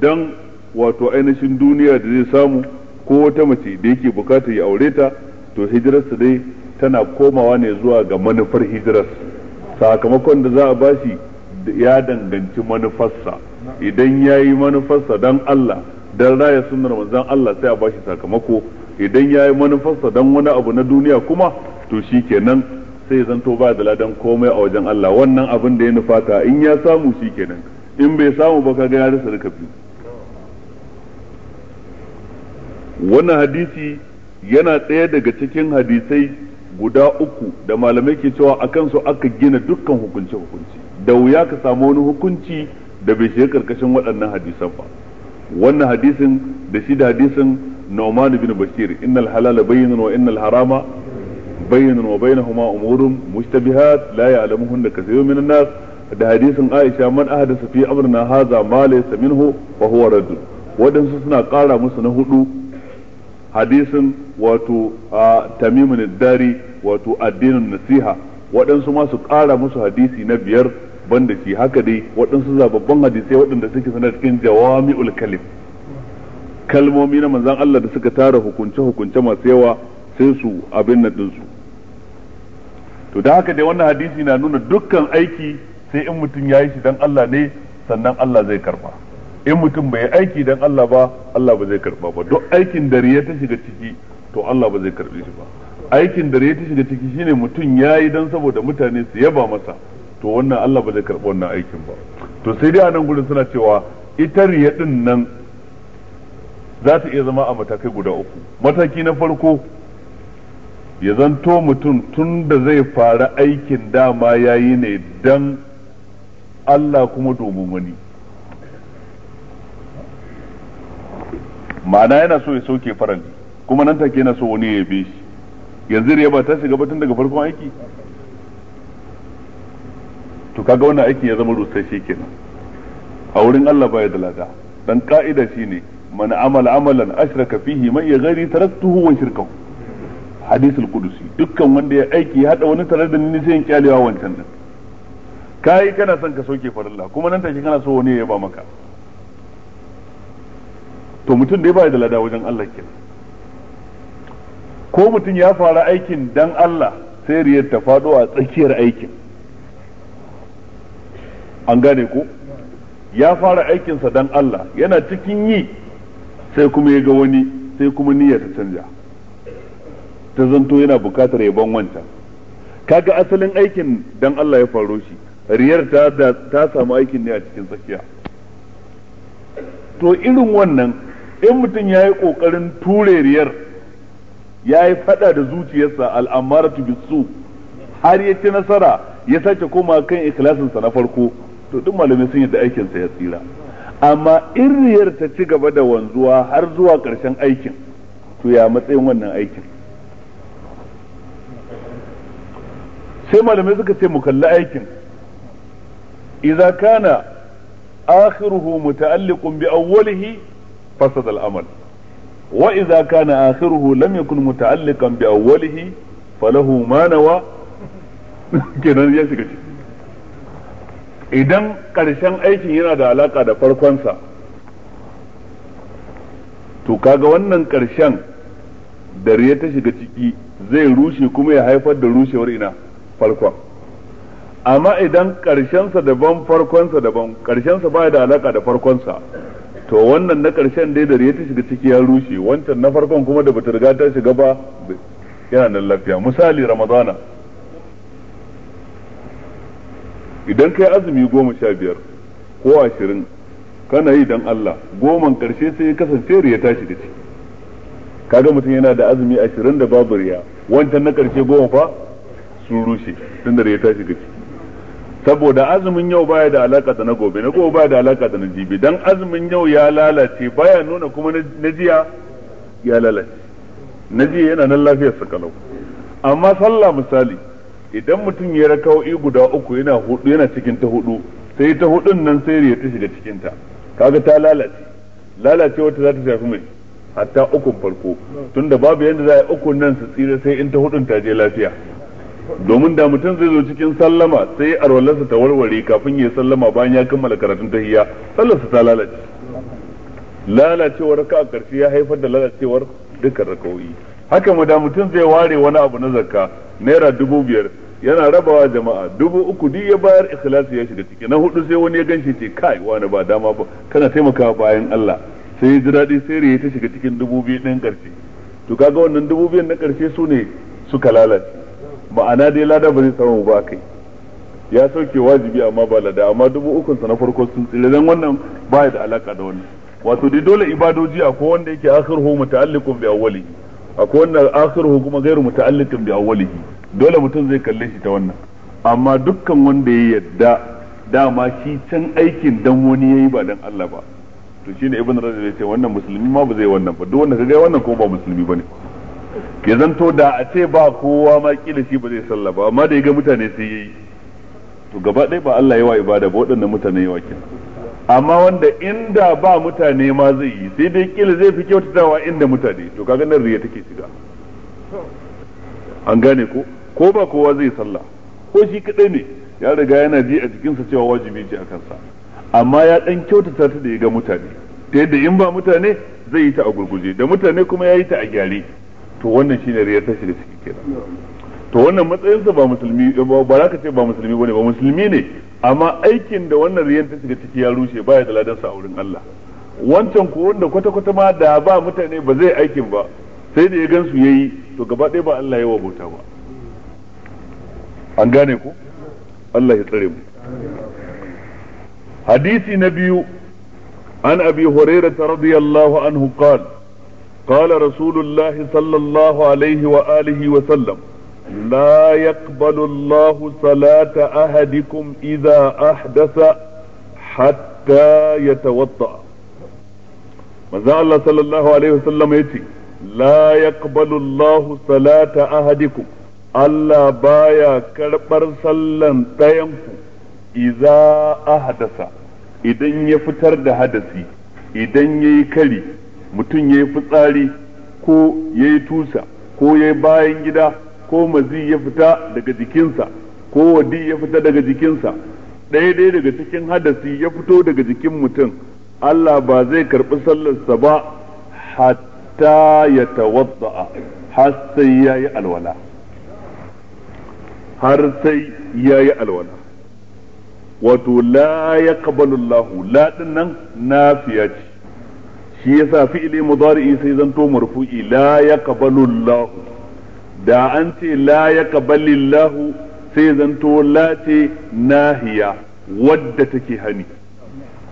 Speaker 1: dan wato ainihin duniya da zai samu ko wata mace da yake bukatar ya aure ta to hijirarsa dai tana komawa ne zuwa ga manufar hijirar sakamakon da za a bashi ya danganci manufarsa idan ya yi manufarsa don Allah don raya sunnar manzon Allah sai a bashi sakamako idan ya yi manufarsa don wani abu na duniya kuma to shi kenan sai zanto ba da ladan komai a wajen Allah wannan abin da ya nufata in ya samu shi kenan in bai samu ba kaga ya rasa rikafi wannan hadisi yana ɗaya daga cikin hadisai guda uku da malamai ke cewa a kansu aka gina dukkan hukunci hukunci da wuya ka samu wani hukunci da bai shiga karkashin waɗannan hadisan ba wannan hadisin da shi da hadisin Nu'man bin Bashir innal halala bayyana wa innal harama بين وبينهما أمور مشتبهات لا يعلمهن كثير من الناس da hadisin Aisha man ahadasa fi amrina haza ma laysa minhu fa huwa radd wadansu suna kara musu na hudu hadisin wato tamimin dari wato addinin nasiha waɗansu ma su musu hadisi na biyar banda shi haka dai waɗansu zababban hadisai waɗanda suke sanar cikin jawami'ul kalim kalmomi na manzan Allah da suka tara hukunce hukunce masu yawa sai su abin nan su. to da haka dai wannan hadisi na nuna dukkan aiki sai in mutum ya yi shi dan Allah ne sannan Allah zai karba in mutum bai aiki dan Allah ba Allah ba zai karba ba duk aikin da riya ta shiga ciki to Allah ba zai karbe shi ba aikin da riya ta shiga ciki shine mutum ya yi dan saboda mutane su yaba masa to wannan Allah ba zai karba wannan aikin ba to sai dai a nan gurin suna cewa ita riya din nan za ta iya zama a matakai guda uku mataki na farko ya zanto mutum tun da zai fara aikin dama ya yi ne don Allah kuma domin wani ma'ana yana so ya sauke farali kuma nan take yana so wani ya yabe shi yanzu da ba ta shiga batun tun daga farkon aiki to kaga wannan aikin ya zama shi kenan a wurin Allah baya da lada dan ka'ida shine man amala amalan ashraka fihi man ya gari taraktuhu wa shirkahu hadisul qudusi dukkan wanda ya aiki ya hada wani tare da ni sai in kyalewa wancan din kai kana son ka soke farilla kuma nan take kana so wani ya ba maka to mutum dai ba da lada wajen Allah ke ko mutum ya fara aikin dan Allah sai riyar ta fado a tsakiyar aikin an gane ko ya fara aikinsa dan Allah yana cikin yi sai kuma ya ga wani sai kuma niyyar ta canja ta zanto yana bukatar yabon wancan kaga asalin aikin dan Allah ya faro shi riyar ta ta samu aikin ne a cikin tsakiya to irin wannan in mutum ya yi kokarin ture riyar ya yi fada da zuciyarsa al'amaratu bisu har ya ci nasara ya sace koma kan ikilasinsa na farko to duk malamai sun yadda aikinsa ya tsira amma in riyar ta ci gaba da wanzuwa har zuwa ƙarshen aikin to ya matsayin wannan aikin sai malamai suka ce mu kalli aikin idza kana akhiruhu muta'alliqun bi awwalihi fasad al-amal wa idza kana akhiruhu lam yakun muta'alliqan bi awwalihi falahu ma nawa <laughs> kenan ya shiga ciki idan ƙarshen aikin yana da alaka da farkonsa to kaga wannan ƙarshen dare ta shiga ciki zai rushe kuma ya haifar da rushewar ina farkon amma idan ƙarshensa daban farkonsa daban ƙarshensa ba da alaka da farkonsa to wannan na ƙarshen dai da ya ta shiga ciki ya rushe wancan na farkon kuma da bata riga ta shiga ba yana nan lafiya misali ramadana idan kai azumi goma sha biyar ko ashirin kana yi don Allah goman ƙarshe sai ya kasance riya ta shiga ciki kaga mutum yana da azumi ashirin da babu riya wancan na ƙarshe goma fa sun rushe tun da ya tashi gaci ciki saboda azumin yau baya da alaka da na gobe na gobe baya da alaka da na jibi dan azumin yau ya lalace baya nuna kuma na jiya ya lalace na jiya yana nan lafiyar sa kalau amma sallah misali idan mutum ya raka'o'i guda uku yana hudu yana cikin ta hudu sai ta hudun nan sai ya ta shiga cikin ta kaga ta lalace lalace wata za ta shafi mai hatta ukun farko tunda babu yadda za a yi ukun nan su tsira sai in ta hudun ta je lafiya domin da mutum zai zo cikin sallama sai arwalarsa ta warware kafin ya sallama bayan ya kammala karatun tahiyya sallarsa ta lalace lalacewar ka a ƙarshe ya haifar da lalacewar dukkan rakawoyi haka ma da mutum zai ware wani abu na zakka naira dubu biyar yana rabawa jama'a dubu uku duk ya bayar ikhlasi ya shiga ciki na hudu sai wani ya ganshi ce kai wani ba dama ba kana taimakawa bayan Allah sai ji daɗi sai ya ta shiga cikin dubu biyu ɗin ƙarshe to kaga wannan dubu biyun na ƙarshe su ne suka lalace ma'ana dai lada ba zai samu ba kai ya sauke wajibi amma ba lada amma dubu ukun sa na farko sun tsire dan wannan ya da alaka da wannan wato dai dole ibadoji akwai wanda yake akhiruhu muta'alliqun bi awwalihi akwai wanda akhiruhu kuma ghairu muta'alliqun bi awwalihi dole mutum zai kalle shi ta wannan amma dukkan wanda ya yadda dama shi can aikin dan wani yayi ba dan Allah ba to shine ibn rajab ya ce wannan musulmi ma ba zai wannan ba duk wanda kaga wannan ko ba musulmi bane ke zanto da a ce ba kowa ma kila shi ba zai sallah ba amma da ya ga mutane sai yayi to gaba ɗaya ba Allah yawa ibada ba waɗannan mutane yawa kenan amma wanda inda ba mutane ma zai yi sai dai kila zai fi kyautatawa inda mutane to kaga nan riya take shiga an gane ko ko ba kowa zai sallah ko shi kadai ne ya riga yana ji a jikinsa cewa wajibi ce a kansa amma ya dan kyautata ta da ya ga mutane ta yadda in ba mutane zai yi ta a gurguje da mutane kuma ya yi ta a gyare to wannan shine riyar ta shiga ciki kira to wannan matsayinsa ba musulmi ba za ka ce ba musulmi bane ba musulmi ne amma aikin da wannan riyar ta shiga ciki ya rushe baya da ladansa a wurin Allah wancan ko wanda kwata-kwata ma da ba mutane ba zai aikin ba sai da ya gansu ya yi to gaba ɗaya ba Allah ya wa bauta ba an gane ku Allah ya tsare mu hadisi na biyu an abi hurairah radiyallahu anhu qala قال رسول الله صلى الله عليه وآله وسلم لا يقبل الله صلاة أحدكم إذا أحدث حتى يتوضأ ماذا الله صلى الله عليه وسلم يتي لا يقبل الله صلاة أحدكم Allah baya karɓar sallan ɗayanku iza ahadasa idan ya fitar da hadasi idan ya yi kari mutum ya yi fitsari ko ya yi tusa ko ya yi bayan gida ko mazi ya fita daga jikinsa ko wadi ya fita daga jikinsa ɗaya ɗaya daga cikin hadasi ya fito daga jikin mutum Allah ba zai karɓi sallarsa ba hatta ya tawadda'a har sai ya yi alwala har sai ya yi alwala wato la ya kabalullahu la ɗin nan nafiya ce shi yasa fi'ili mudari'i sai zanto marfu'i la yaqbalu Allah da an ce la yaqbalu Allah sai zanto la ce nahiya wadda take hani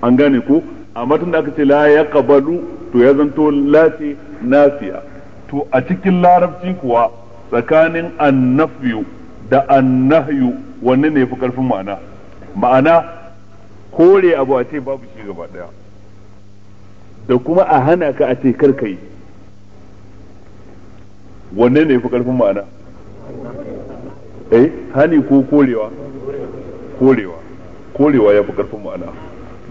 Speaker 1: an gane ko amma tun da aka ce la yaqbalu to ya zanto la ce nafiya to a cikin larabci kuwa tsakanin annafyu da annahyu wanne ne fi karfin ma'ana ma'ana kore abu a ce babu shi gaba daya da kuma a hana ka a ce kar yi. wanne ne fi karfin ma'ana eh hani ko korewa korewa korewa ya fi karfin ma'ana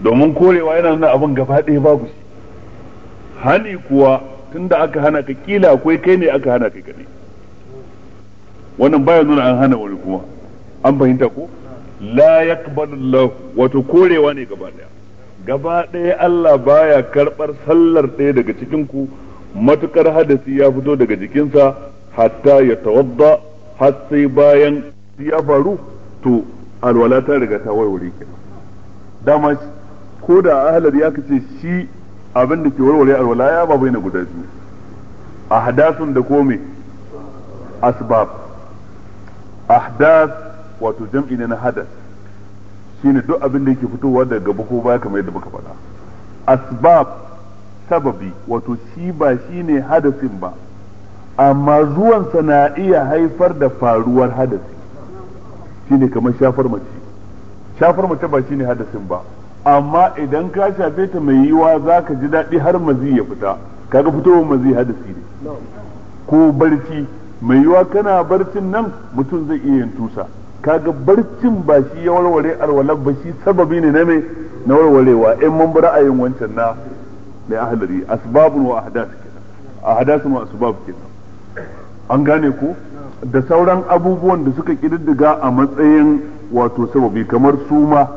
Speaker 1: domin korewa yana nuna abin gaba ɗaya babu shi hani kuwa tunda aka hana ka kila akwai kai ne aka hana kai kaɗai wannan baya nuna an hana wani kuma an fahimta ko la yaqbalu Allah wato korewa ne gaba ɗaya gaba ɗaya Allah baya karɓar sallar ɗaya daga cikinku matuƙar matukar hadasi ya fito daga jikinsa hatta ya tawadda har sai bayan ya faru to alwala ta riga ta warware ke dama ko da ahalar ya kace shi abin da ke warware alwala ya ba bai na guda biyu hadasun da kome asbab ahdas wato jam'i ne na hadas shine duk abin da yake fitowa daga gaba ko baya kamar yadda muka faɗa asbab sababi wato shi ba shine hadasin ba amma zuwansa na iya haifar da faruwar hadasi shine kamar shafar mace shafar mace ba shine hadasin ba amma idan ka shafe ta mai yiwa za ka ji daɗi har mazi ya fita kaga fitowar mazi hadasi ne ko barci mai yiwa kana barcin nan mutum zai iya yin tusa kaga barcin ba shi ya warware alwala ba shi sababi ne na mai na warwarewa in mun bi ra'ayin wancan na da ahlari asbabun wa ahdath kenan ahdathun wa asbab kenan an gane ko da sauran abubuwan da suka kididdiga a matsayin wato sababi kamar suma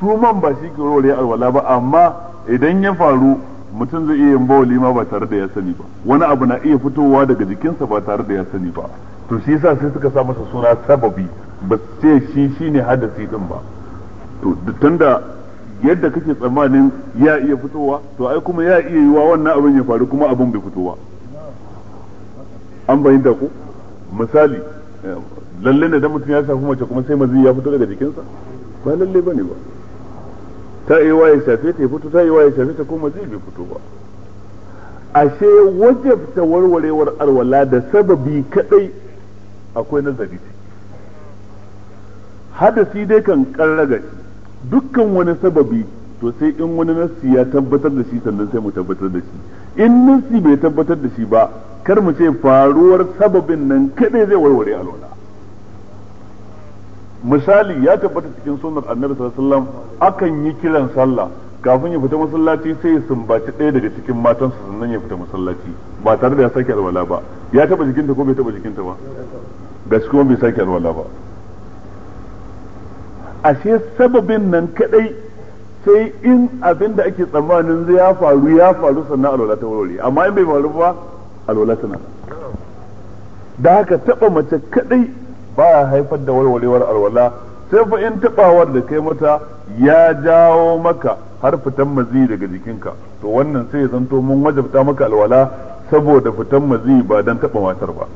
Speaker 1: suman ba shi ke warware alwala ba amma idan ya faru mutum zai iya yin bawali ma ba tare da ya sani ba wani abu na iya fitowa daga jikinsa ba tare da ya sani ba to shi yasa sai suka sa masa suna sababi ba ce shi shine hadasi din ba to tunda yadda kake tsammanin ya iya fitowa to ai kuma ya iya yiwa wannan abin ya faru kuma abin bai fitowa an bayyana ku misali lalle ne da mutum ya shafi mace kuma sai mazi ya fito daga jikinsa ba lalle bane ba ta yi wa'ye shafe ta ya fito ta yi wa'ye shafe ta kuma zai bai fito ba ashe wajabta warwarewar alwala da sababi kadai akwai nazari hadasi dai kan karraga dukkan wani sababi to sai in wani nasi ya tabbatar da shi sannan sai mu tabbatar da shi in nassi bai tabbatar da shi ba kar mu ce faruwar sababin nan kadai zai warware alwala misali ya tabbatar cikin sunnar annabi sallallahu alaihi wasallam akan yi kiran sallah kafin ya fita masallaci sai ya sumbaci ɗaya daga cikin matansa sannan ya fita masallaci ba tare da ya sake alwala ba ya taba jikinta ko bai taba jikinta ba gaskiya bai sake alwala ba ashe sababin nan kadai sai in abin da ake tsammanin zai ya faru ya faru sannan alwala ta warware amma in bai faru ba alwala tana da haka taba mace kadai baya haifar da warwarewar alwala sai fa in tabawar da kai mata ya jawo maka har fitan mazi daga jikinka to wannan sai ya zanto mun wajabta maka alwala saboda fitan mazi ba dan taba matar ba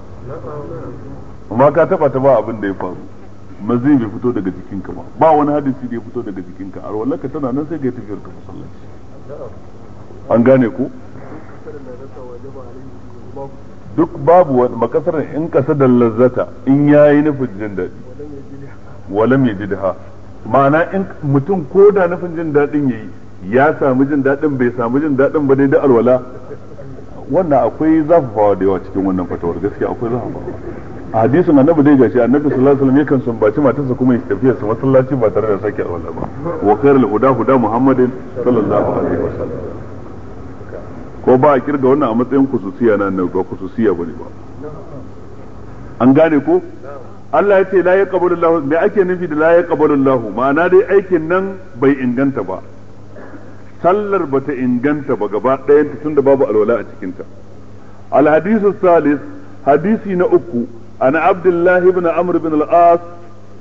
Speaker 1: amma ka taba ta ba abin da ya faru mazi bai fito daga jikinka ba ba wani hadisi da ya fito daga jikinka a wallaka tana nan sai ka yi tafiyar ka musallaci. an gane ko duk babu wani makasar in kasa da lazzata in yayi nufin jin daɗi walam ya jidha ma'ana in mutum ko da nufin jin daɗin yayi ya samu jin daɗin bai samu jin daɗin ba dai da alwala wannan akwai zafafawa da yawa cikin wannan fatawar gaskiya akwai zafafawa a hadisin annabi dai gashi annabi sallallahu alaihi wasallam yakan sumbaci matarsa kuma ya tafiya sa masallaci ba tare da sake alwala ba wa khairul huda huda muhammadin sallallahu alaihi wasallam ko ba a kirga wannan a matsayin kususiya na annabi ba kususiya bane ba an gane ko Allah ya ce la yaqbalu Allah me ake nufi da la yaqbalu Allah ma'ana dai aikin nan bai inganta ba sallar ta inganta ba gaba ɗayanta tunda babu alwala a cikinta al hadisu salis hadisi na uku عن عبد الله بن عمرو بن العاص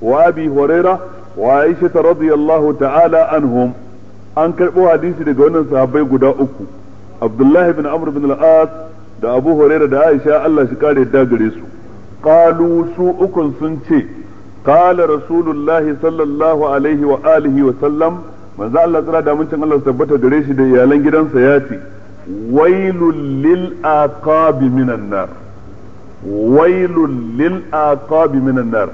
Speaker 1: وابي هريره وعائشه رضي الله تعالى عنهم an karɓo hadisi daga wannan sahabbai guda uku abdullahi bin amr bin al-as da abu huraira da aisha Allah shi kare da gare su qalu su ukun sun ce qala rasulullahi sallallahu alaihi wa wa sallam manzo Allah tsara da mincin Allah tabbata gare shi da iyalan gidansa ya ce wailul lil aqabi minan wailul lil aqabi minan nar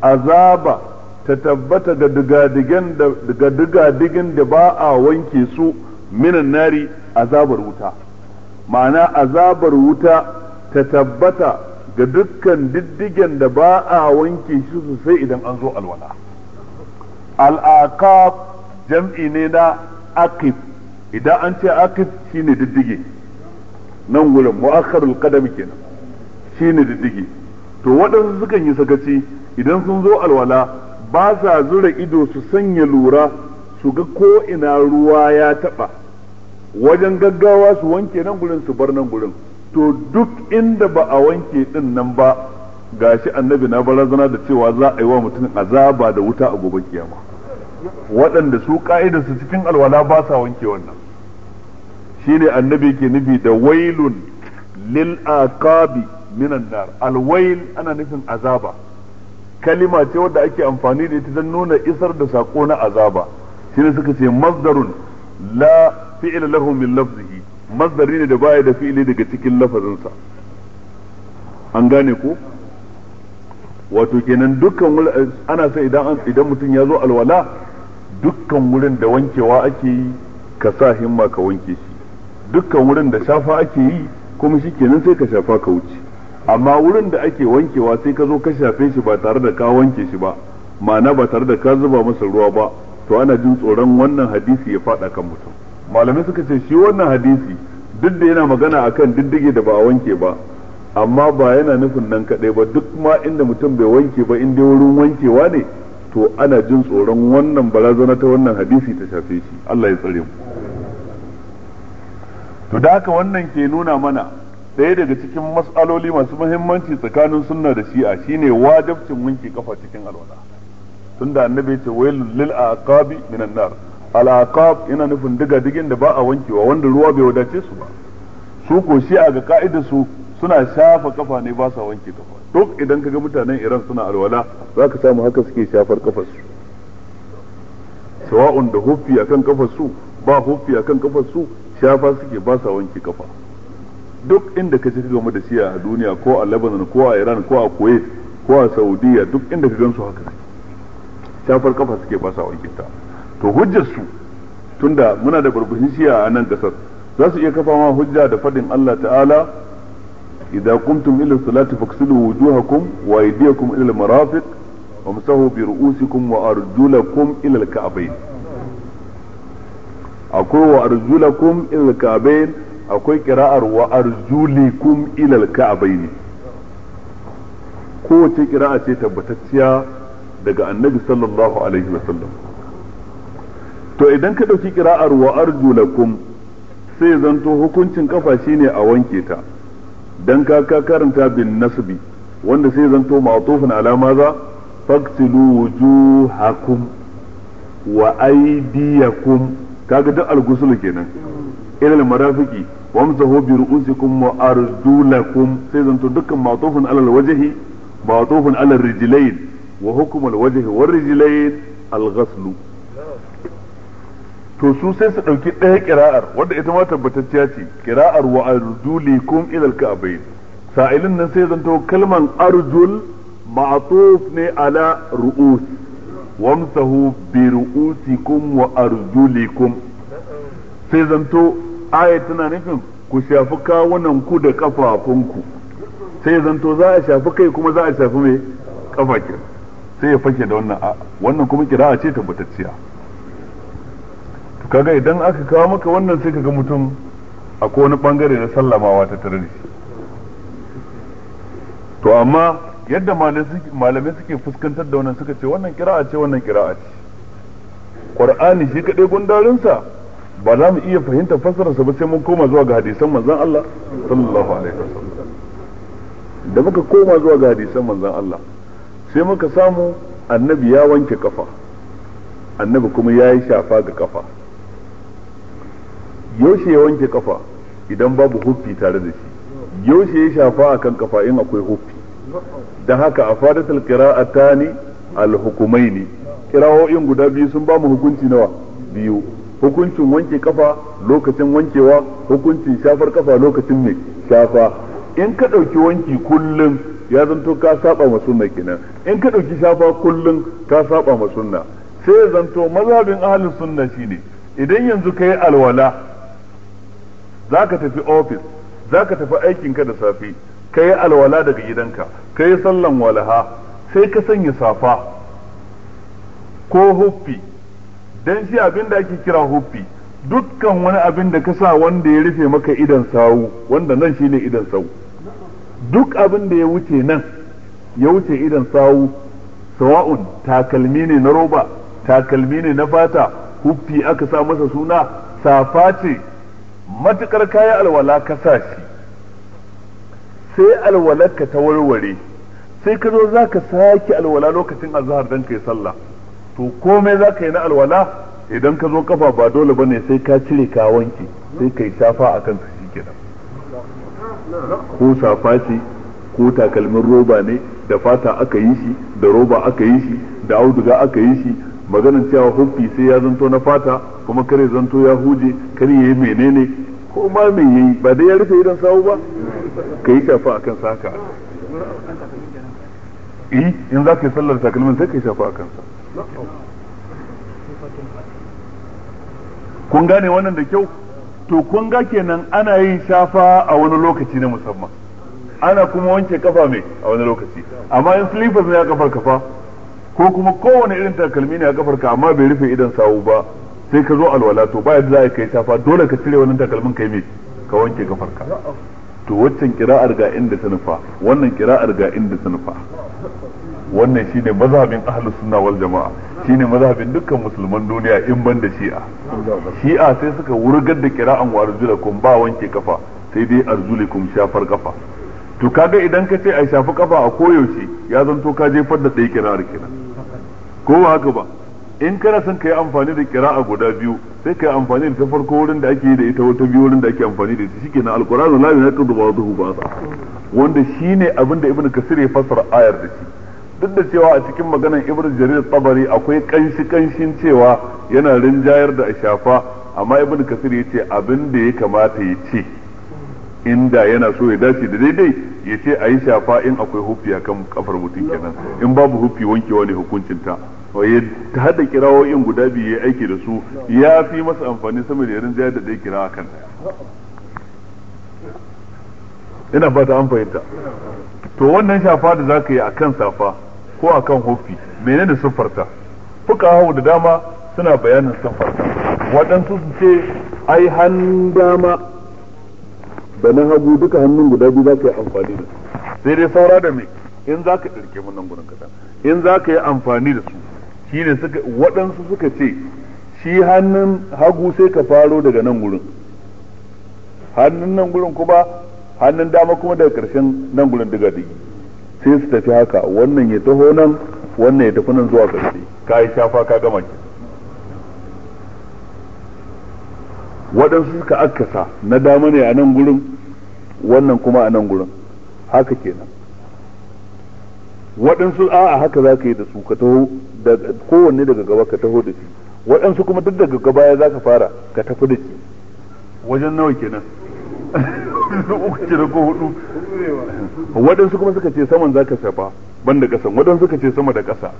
Speaker 1: azaba ta tabbata ga digadigen da ga da ba a wanke su minan nari azabar wuta ma'ana azabar wuta ta tabbata ga dukkan diddigen da ba a wanke shi sosai idan an zo alwala al'aqab jam'i ne na aqib idan an ce aqib shine diddige nan gurin mu'akhkharul qadam kenan shine diddigi to waɗansu sukan yi sakaci idan sun zo alwala ba sa zura ido su sanya lura su ga ko ina ruwa ya taɓa wajen gaggawa su wanke nan gurin su bar nan gurin to duk inda ba a wanke ɗin nan ba gashi annabi na barazana da cewa za a yi wa mutum azaba da wuta a gobe kiyama waɗanda su ka'idar su cikin alwala ba sa wanke wannan shine annabi ke nufi da wailun lil aqabi minan nar alwail ana nufin azaba kalima ce wadda ake amfani da ita don nuna isar da sako na azaba shine suka ce mazdarun la fi'il lahu min lafzihi masdari ne da baya da fi'ili daga cikin lafazinsa an gane ko wato kenan dukkan ana sai idan idan mutum ya zo alwala dukkan wurin da wankewa ake yi ka sa himma ka wanke shi dukkan wurin da shafa ake yi kuma shi kenan sai ka shafa ka wuce amma wurin da ake wankewa sai ka zo ka shafe shi ba tare da ka wanke shi ba ma'ana ba tare da ka zuba masa ruwa ba to ana jin tsoron wannan hadisi ya faɗa kan mutum malamai suka ce shi wannan hadisi duk da yana magana akan diddige da ba a wanke ba amma ba yana nufin nan kadai ba duk ma inda mutum bai wanke ba inda wurin wankewa ne to ana jin tsoron wannan barazana ta wannan hadisi ta shafe shi Allah ya tsare mu to da haka wannan ke nuna mana ɗaya daga cikin matsaloli masu muhimmanci tsakanin sunna da shi'a shine wajabcin wanke kafa cikin alwala tunda annabi ya ce wai lil aqabi minan nar al aqab yana nufin diga digin da ba a wankewa wanda ruwa bai wadace su ba su ko shi'a ga ka'idar su suna shafa kafa ne ba sa wanke kafa duk idan kaga mutanen Iran suna alwala zaka samu haka suke shafar kafar su sawa'un da hufi akan kafar su ba hufi akan kafar su shafa suke ba sa wanke kafa duk inda ka ci game da shi a duniya ko a Lebanon ko a Iran ko a Kuwait ko a Saudiya duk inda ka gansu haka ne shafar kafa suke fasa wankinta to hujjar su tunda muna da burbushin shi a nan kasar za su iya kafa ma hujja da fadin Allah ta'ala idza qumtum ila salati faksilu wujuhakum wa aydiyakum ila al-marafiq wamsahu bi ru'usikum wa arjulakum ila al-ka'bayn akwai wa arjulakum ila al-ka'bayn akwai kira'ar wa arjulikum ilal ka'abaini kowace kira'a ce tabbatacciya daga annabi sallallahu alaihi wasallam to idan ka ɗauki kira'ar wa arzulakum sai zanto hukuncin kafa shine a wanke ta dan ka ka karanta bin nasbi wanda sai zanto ma'tufun ala za faktilu wujuhakum wa aydiyakum kaga duk algusul kenan ila al-marafiqi to su sai su ɗauki ɗaya ƙira'ar wanda ita ma tabbatacciya ce ƙira'ar wa arjulikum ila al sa'ilin nan sai zanto kalman arjul ne ala ru'us wamsahu bi ru'usikum wa sai zanto ayat tana nufin ku shafi kawunan ku da kafafunku sai zanto za a shafi kai kuma za a shafi mai kafa sai ya fake da wannan A wannan kuma kira'a ce tabbatacciya to kaga idan aka kawo maka wannan sai kaga mutum a wani bangare na sallamawa ta tare da shi to amma yadda malamai suke fuskantar da wannan suka ce wannan kira'a ce wannan kira'a ce ƙwar'ani shi kaɗai gundarinsa ba za mu iya fahimta fassararsa ba sai mun koma zuwa ga hadisan manzon Allah sallallahu alaihi wasallam da muka koma zuwa ga hadisan manzon Allah sai muka samu annabi ya wanke kafa annabi kuma ya yi shafa ga kafa yaushe ya wanke kafa idan babu huffi tare da shi yaushe ya shafa akan kafa in akwai huffi da haka a fadatul qira'atani al-hukumaini in guda biyu sun ba mu hukunci nawa biyu hukuncin wanke kafa lokacin wankewa hukuncin shafar kafa lokacin mai shafa in ka ɗauki wanki kullum ya zanto ka saba ma sunna kenan in ka ɗauki shafa kullum ka saba ma sunna sai zanto mazhabin ahlus sunna shine idan yanzu kai alwala zaka tafi office zaka tafi aikin ka da safi kai alwala daga gidanka kai sallan walaha sai ka sanya safa ko huffi dan shi abin da ake kira huffi dukkan wani abin da ka sa wanda ya rufe maka idan sawu wanda nan shine idan sawu duk abin da ya wuce nan ya wuce idan sawu sawa'un takalmi ne na roba takalmi ne na fata huffi aka sa masa suna safa ce matukar kaya alwala ka sa shi sai alwalar ka ta warware sai ka zo za ka sake alwala lokacin azhar dan ka yi sallah to komai za ka yi na alwala idan ka zo kafa ba dole ba ne sai ka cire ka wanke sai ka yi shafa a kansa shi kenan ko safa ce ko takalmin roba ne da fata aka yi shi da roba aka yi shi da auduga aka yi shi maganin cewa huffi sai ya zanto na fata kuma kare zanto ya huje kare ya yi menene ko ma me yi ba dai ya rufe idan sawu ba ka yi shafa kan sa haka eh, in za ka yi sallar takalmin sai ka yi shafa a kansa kun gane wannan da kyau to kun ga kenan ana yin shafa a wani lokaci na musamman ana kuma wanke kafa mai a wani lokaci amma in slippers ne a kafar kafa ko kuma kowane irin takalmi ne a kafar ka amma bai rufe idan sawu ba sai ka zo alwala to ba yadda za a kai shafa dole ka cire wannan takalmin kai mai ka wanke kafar ka to waccan kira'ar ga inda ta nufa wannan kira'ar ga inda ta nufa wannan shine mazhabin ahlus sunna wal jama'a shine mazhabin dukkan musulman duniya in ban da shi'a shi'a sai suka wurgar da kira'an wa arzulakum ba wanke kafa sai dai arzulikum shafar kafa to kaga idan ka ce a shafi kafa a koyaushe ya zanto ka jefar da ɗaya kira'ar kenan ko ba haka ba in kana son ka yi amfani da kira'a guda biyu sai ka yi amfani da ta farko wurin da ake yi da ita wata biyu wurin da ake amfani da ita shikenan alqur'anu la yunaqadu ba'dahu ba'dha wanda shine abin da ibnu kasir ya fassara ayar da shi duk da cewa a cikin maganar ibn jarir tabari akwai kanshi kanshin cewa yana rinjayar da ashafa amma ibn kasir ya ce abin da ya kamata ya ce inda yana so ya dace da daidai ya ce a yi shafa in akwai hufi a kan kafar mutum kenan in babu hufi wankewa ne hukuncinta ya hada kirawoyin guda biyu ya aiki da su ya fi masa amfani sama da yarin da ɗaya kira a kan ina fata an fahimta to wannan shafa da za ka yi a kan safa ko a kan hofi menene siffarta fuqaha da dama suna bayanin siffarta waɗansu su ce ai hannun dama da na hagu duka hannun guda biyu za ka yi amfani da su sai dai saura da me in za ka ɗirke mun nan gudun kaɗan in za ka yi amfani da su shine suka waɗansu suka ce shi hannun hagu sai ka faro daga nan gurin hannun nan gurin kuma hannun dama kuma daga ƙarshen nan gurin diga digi sai su tafi haka wannan ya taho nan wannan ya tafi nan zuwa ƙarshe ka yi shafa ka gama ki waɗansu suka akasa na dama ne a nan gurin wannan kuma a nan gurin haka kenan waɗansu a'a haka za ka yi da su ka taho da kowanne daga gaba ka taho da shi waɗansu kuma duk daga gaba ya za ka fara ka tafi da shi wajen nawa kenan uku ce ko hudu waɗansu kuma suka ce saman zaka shafa banda ƙasan waɗansu suka ce sama da ƙasa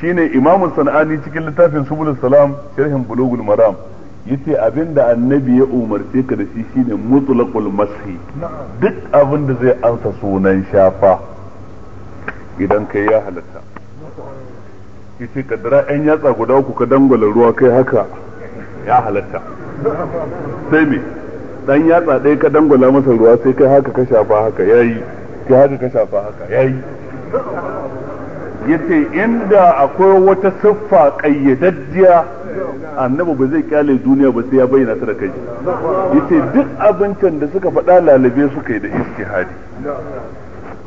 Speaker 1: shine imamun sana'ani cikin littafin subul salam shirhin bulugul maram yace abinda annabi ya umarce ka da shi shine mutlaqul mashi duk abin da zai ansa sunan shafa idan kai ya halatta yace kaddara ɗan yatsa guda uku ka dangwala ruwa kai haka ya halatta sai me dan yatsa ɗaya ka dangula masa ruwa sai kai haka ka shafa haka yayi kai haka ka shafa haka yayi yace inda akwai wata siffa kayyadaddiya annabi ba zai kyale duniya ba sai ya bayyana ta da kai yace duk abincin da suka faɗa lalabe suka yi da istihadi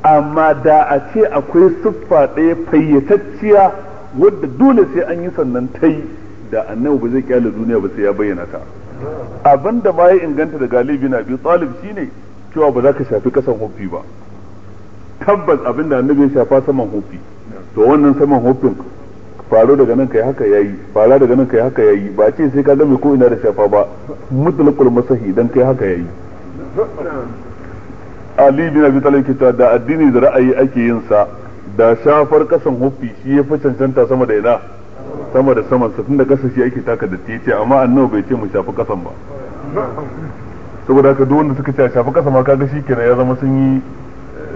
Speaker 1: amma da a ce akwai siffa ɗaya fayyatacciya wadda dole sai an yi sannan ta yi da annabi ba zai kyale duniya ba sai ya bayyana ta abin da ma ya inganta da galibi na biyu talib ne cewa ba za ka shafi kasan hufi ba tabbas da annabi ya shafa saman hufi to wannan saman hufin faro daga nan kai haka yayi fara daga nan kai haka yayi ba ce sai ka zama ko ina da shafa ba mutlaqul masahi dan kai haka yayi Ali bin Abi Talib ke da addini da ra'ayi ake yin sa da shafar kasan hufi shi ya fi cancanta sama da ina sama da saman sa tunda kasa shi ake taka datti yace amma annabi bai ce mu shafi kasan ba saboda haka duk wanda suka ce a shafi kasa ma kaga shikenan ya zama sun yi eh,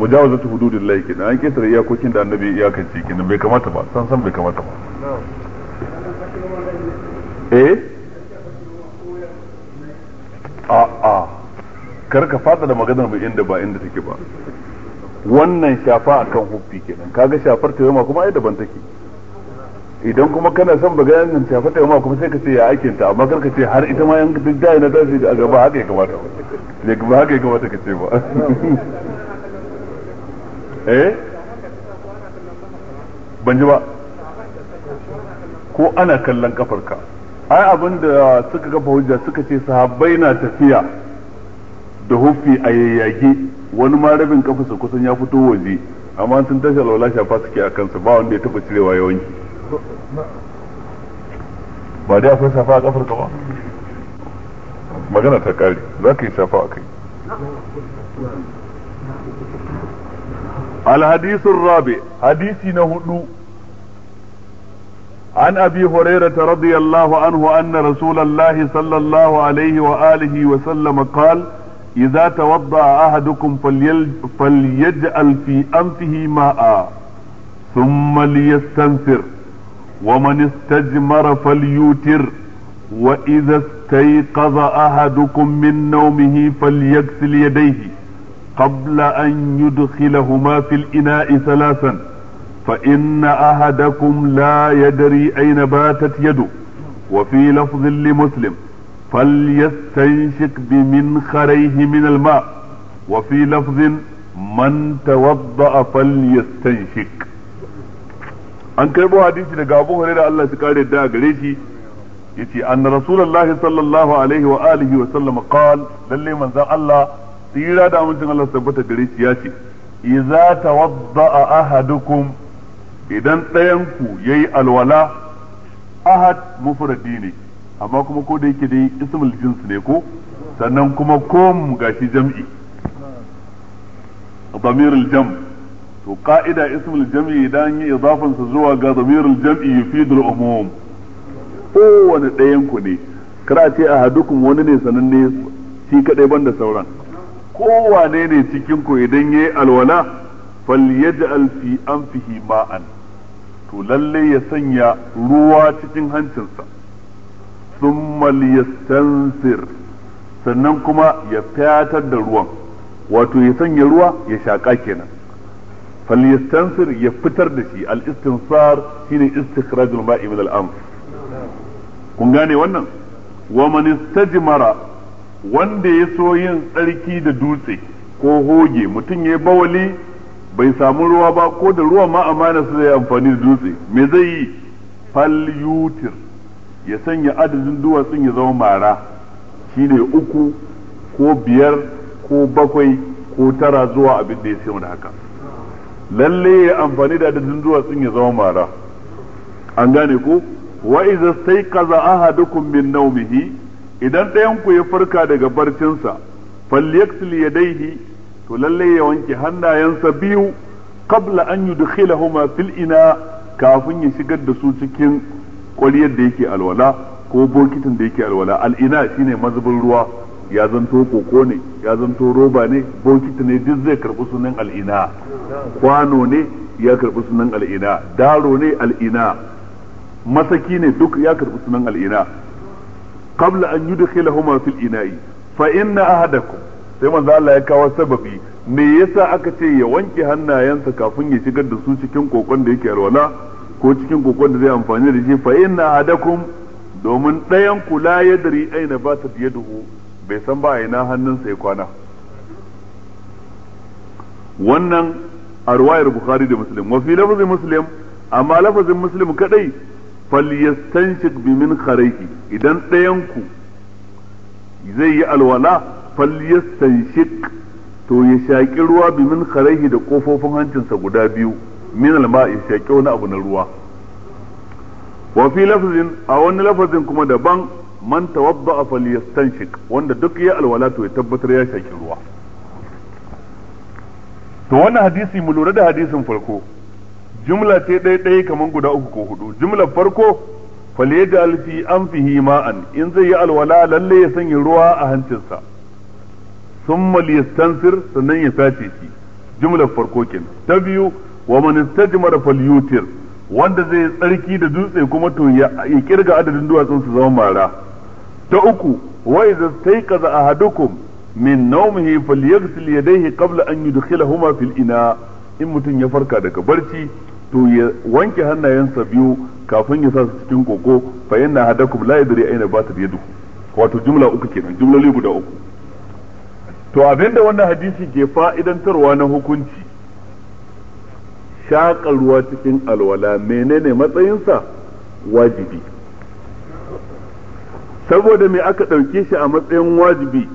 Speaker 1: mujawazatu hududillahi kenan an ketare iyakokin da annabi iyakance kenan bai kamata ba san san bai kamata ba eh a a kar ka fada da maganar mu inda ba inda take ba wannan shafa akan huffi kenan kaga shafar ta yoma kuma ai daban take idan kuma kana son ba gayan nan tafi ta kuma sai ka ce ya aikin ta amma kar ka ce har ita ma yan duk dai na tashi da gaba haka ya kamata ne gaba haka ya kamata ka ce ba <laughs> eh ban ji ba ko ana kallon kafarka ai abin da suka kafa hujja suka ce sahabbai na tafiya da hufi a yayyage wani ma rabin kafa su kusan ya fito waje amma sun tashi alwala shafa suke a kansu ba wanda ya taba cirewa yawanci ba dai akwai safa a kafar ka ba magana ta kare za ka yi safa a kai الحديث الرابع حديث نهدو عن أبي هريرة رضي الله عنه أن رسول الله صلى الله عليه وآله وسلم قال إذا توضأ أحدكم فليجعل في أنفه ماء ثم ليستنفر ومن استجمر فليوتر وإذا استيقظ أحدكم من نومه فليغسل يديه قبل أن يدخلهما في الإناء ثلاثا فإن أحدكم لا يدري أين باتت يده وفي لفظ لمسلم فليستنشق بمنخريه من الماء وفي لفظ من توضأ فليستنشق an karbo hadisi daga Abu da Allah su kare da gare shi yace anna rasulullahi sallallahu alaihi wa alihi wa sallam qala lalle manzon Allah tsira da amincin Allah tabbata gare shi yace idza tawadda'a ahadukum idan ɗayan ku yayi alwala ahad mufradi ne amma kuma ko da yake dai ismul jins ne ko sannan kuma kom gashi jam'i ضمير الجمع to ka'ida ismul jam'i dan yi idafan sa zuwa ga zamirul jam'i yufidul umum kowane ɗayanku ku ne kada ce a hadukum wani ne sananne shi kadai banda sauran wane ne cikin ku idan yayi alwala falyaj'al fi anfihi ma'an to lalle ya sanya ruwa cikin hancinsa thumma liyastansir sannan kuma ya fatar da ruwan wato ya sanya ruwa ya shaka kenan falyastansir ya fitar da shi al-istinsar shine istikhrajul ma'i kun gane wannan wa man mara wanda ya so yin tsarki da dutse ko hoge mutum ya bawali bai samu ruwa ba ko da ruwa ma amana su zai amfani da dutse me zai yi falyutir ya sanya adadin duwatsun ya zama mara shine uku ko biyar ko bakwai ko tara zuwa abin da ya sai da haka lalle ya amfani da adadin sun ya zama mara an gane ku wa iza kaza ahadukum min nawmihi idan ɗayan ku ya farka daga barcinsa falyaksil yadayhi to lalle ya wanke hannayensa biyu qabla an yudkhilahuma fil ina kafin ya shigar da su cikin ƙwaryar da yake alwala ko bokitin da yake alwala Al ina shine mazubin ruwa ya zanto koko ne ya zanto roba ne bokiti ne duk zai karɓi sunan al'ina kwano ne ya karɓi sunan al'ina daro ne al'ina masaki ne duk ya karɓi sunan al'ina qabla an yudkhilahuma fil ina'i fa inna ahadakum sai manzo Allah ya kawo sababi me yasa aka ce ya wanke hannayensa kafin ya shigar da su cikin kokon da yake alwala ko cikin kokon da zai amfani da shi fa inna ahadakum domin ɗayan ku la yadri aina batat yaduhu bai san ba ina hannunsa ya kwana wannan a ruwayar bukhari da muslim wa fi lafazin muslim amma lafazin muslim kadai falyastanshik bi min kharayki idan ɗayanku zai yi alwala falyastanshik to ya shaƙi ruwa bi min kharayhi da kofofin hancinsa guda biyu min alma ya shaƙi wani abu na ruwa wafi fi lafazin a wani lafazin kuma daban man tawadda'a falyastanshik wanda duk ya alwala to ya tabbatar ya shaki ruwa to wannan hadisi mu lura da hadisin farko jumla ce ɗaya ɗaya kamar guda uku ko hudu Jumla farko falyajal fi anfihi ma'an in zai yi alwala lalle ya sanya ruwa a hancinsa summa liyastansir sannan ya sace shi Jumla farko kenan ta biyu wa man istajmara falyutir wanda zai tsarki da dutse kuma to ya kirga adadin duwatsun su zama mara ta uku wa idza stayqaza ahadukum min nawmihi falyaghsil yadayhi qabla an yudkhilahuma fil ina in mutum ya farka daga barci to ya wanke hannayensa biyu kafin ya sa su cikin koko fa yanna hadakum la yadri aina batat yaduhu wato jumla uku kenan jumloli guda uku to abinda wannan hadisi ke fa'idantarwa na hukunci shaƙa ruwa cikin alwala menene matsayinsa wajibi saboda me aka ɗauke shi a matsayin wajibi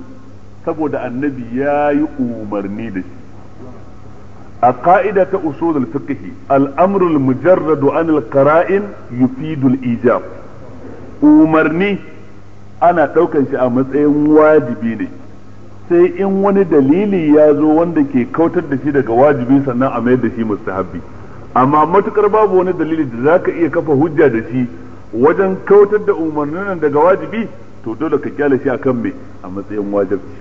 Speaker 1: saboda annabi ya yi umarni da shi a ka'ida ta usulul fiqhi al-amrul mujarradu anil qara'in yufidul ijab umarni ana ɗaukan shi a matsayin wajibi ne sai in wani dalili ya zo wanda ke kautar da shi daga wajibi sannan a mayar da shi mustahabbi amma matukar babu wani dalili da zaka iya kafa hujja da shi wajen kautar da umarnin nan daga wajibi to dole ka kyale shi akan me a matsayin wajibi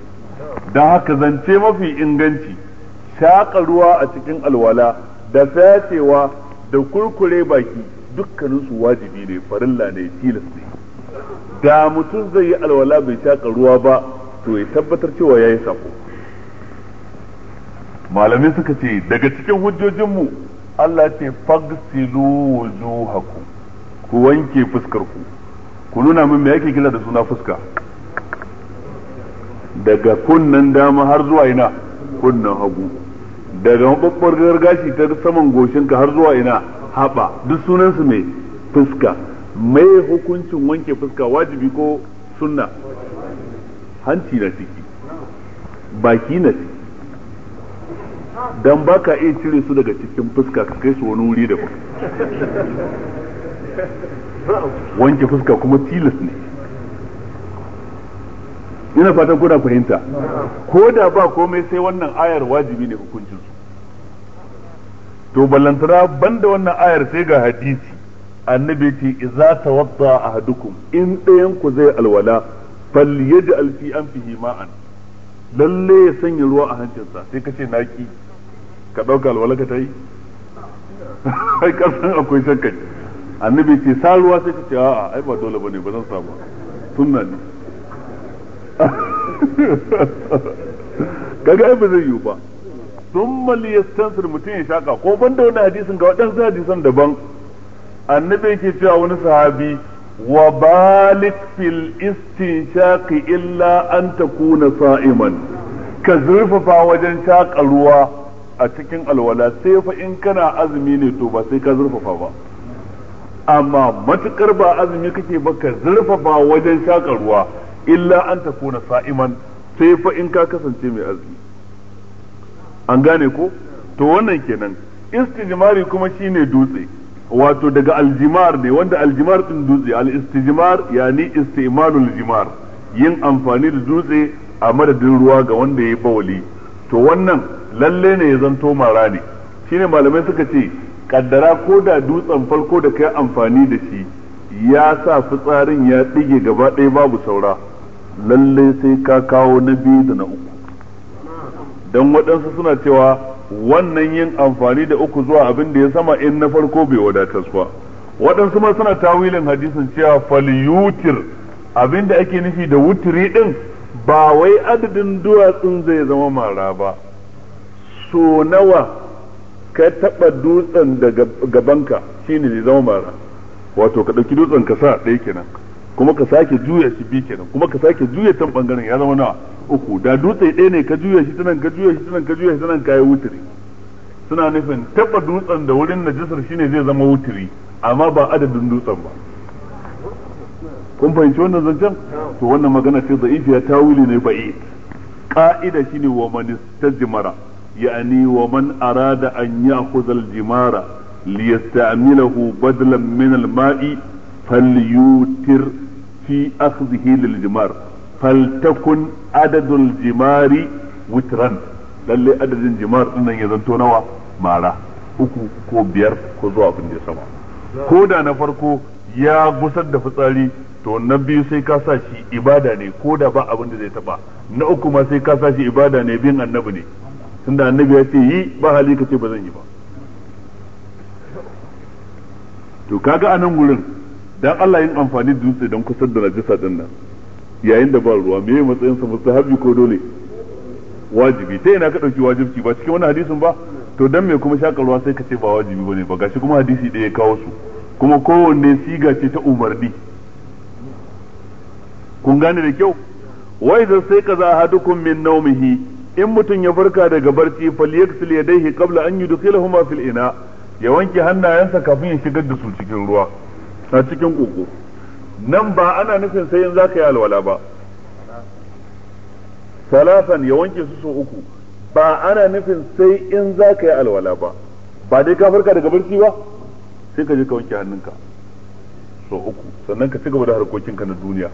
Speaker 1: don haka zance mafi inganci shaƙa ruwa a cikin alwala da fyacewa da kurkure baki dukkanin su wajibi ne farilla ne tilas ne da mutum zai yi alwala bai shaka ruwa ba to ya tabbatar cewa ya yi sako malamai suka ce daga cikin hujjojinmu Allah ce fagsilu wujuhakum ku wanke fuskar ku ku nuna min me yake kira da suna fuska daga kunnan dama har zuwa ina kunnan hagu daga mababbar gargashi ta saman goshinka har zuwa ina haɓa duk sunansu mai fuska mai hukuncin wanke fuska wajibi ko sunna hanci na ciki baki na ciki dan baka iya cire su daga cikin fuska ka kai su wani wuri da daban wanke fuska kuma tilas ne ina fatan kuna fahimta ko da ba komai sai wannan ayar wajibi ne hukuncin su to ballantara banda wannan ayar sai ga hadisi annabi ce iza tawadda ahadukum in ɗayan ku zai alwala yaj'al fi anfihi ma'an lalle ya sanya ruwa a hancinsa sai ka ce naki ka dauka alwala <laughs> ka tai ai kasan akwai shakka annabi ce sa ruwa sai ka ce a'a ai ba dole bane ba zan samu sunna ne <laughs> kaga ai ba zai yiwu ba ya liyastansir mutum ya shaka ko ban da wani hadisin ga waɗansu hadisan daban annabi yake cewa wani sahabi wa balik fil istinshaqi illa an takuna sa'iman ka zurfafa wajen shaka ruwa a cikin alwala sai fa in kana azumi ne to ba sai ka zurfafa ba amma matukar ba azumi kake ba ka zurfafa wajen shaka ruwa illa an takuna sa'iman sai fa in ka kasance mai azumi an gane ko to wannan kenan istijmari kuma shine dutse wato daga aljimar ne wanda aljimar din dutse al istijmar yani istimalul jimar yin amfani da dutse a madadin ruwa ga wanda ya bawali to wannan lalle ne ya zanto mara ne shine malamai suka ce kaddara ko da dutsen farko da kai amfani da shi ya sa fitsarin ya ɗige gaba ɗaya babu saura lallai sai ka kawo na biyu da na uku don waɗansu suna cewa wannan yin amfani da uku zuwa abin da ya sama in na farko bai wadatar ba waɗansu ma suna tawilin hadisin cewa falyutir abin da ake nufi da wutiri ɗin ba wai adadin duwatsun zai zama mara ba so nawa ka taɓa dutsen da gabanka shine zai zama mara wato ka ɗauki dutsen ka sa ɗaya kenan kuma ka sake juya shi bi kenan kuma ka sake juya tan bangaren ya zama nawa uku da dutse ɗaya ne ka juya shi tanan ka juya shi tanan ka juya shi tanan ka yi wutiri suna nufin taɓa dutsen da wurin najisar shine zai zama wutiri amma ba adadin dutsen ba kun fahimci wannan zancen to wannan magana ce ifiya tawili ne ba'id ka'ida shine wa manistajmara istajmara يعني ومن أراد أن يأخذ الجمار ليستعمله بدلا من الماء فليوتر في أخذه للجمار فلتكن عدد الجمار وترا للي عدد الجمار din يذنتون ya zanto nawa mara uku ko biyar ko zuwa abin da sama ko da na farko ya gusar da fitsari to na biyu sai ka sa shi ibada ne ko da ba abin da zai taba na uku ma sai ka sa shi ibada ne bin annabi ne da annabi ya ce yi ba hali ka ce ba zan yi ba to kaga a nan gurin dan Allah yin amfani da dutse don kusa da najasa din nan yayin da ba ruwa me matsayin sa mustahabi ko dole wajibi ta na ka dauki wajibi ba cikin wani hadisin ba to dan me kuma shaka ruwa sai ka ce ba wajibi bane ba gashi kuma hadisi da ya kawo su kuma kowanne siga ce ta umarni kun gane da kyau wai da sai ka za hadukum min naumihi in mutum ya farka daga barci falyaghsil yadayhi qabla an yudkhilahuma fil ina ya wanke hannayensa kafin ya shigar da su cikin ruwa a cikin koko nan ba ana nufin sai in zaka yi alwala ba salasan ya wanke su sau uku ba ana nufin sai in zaka yi alwala ba ba dai ka farka daga barci ba sai ka je ka wanke hannunka sau uku sannan ka ci gaba da harkokinka na duniya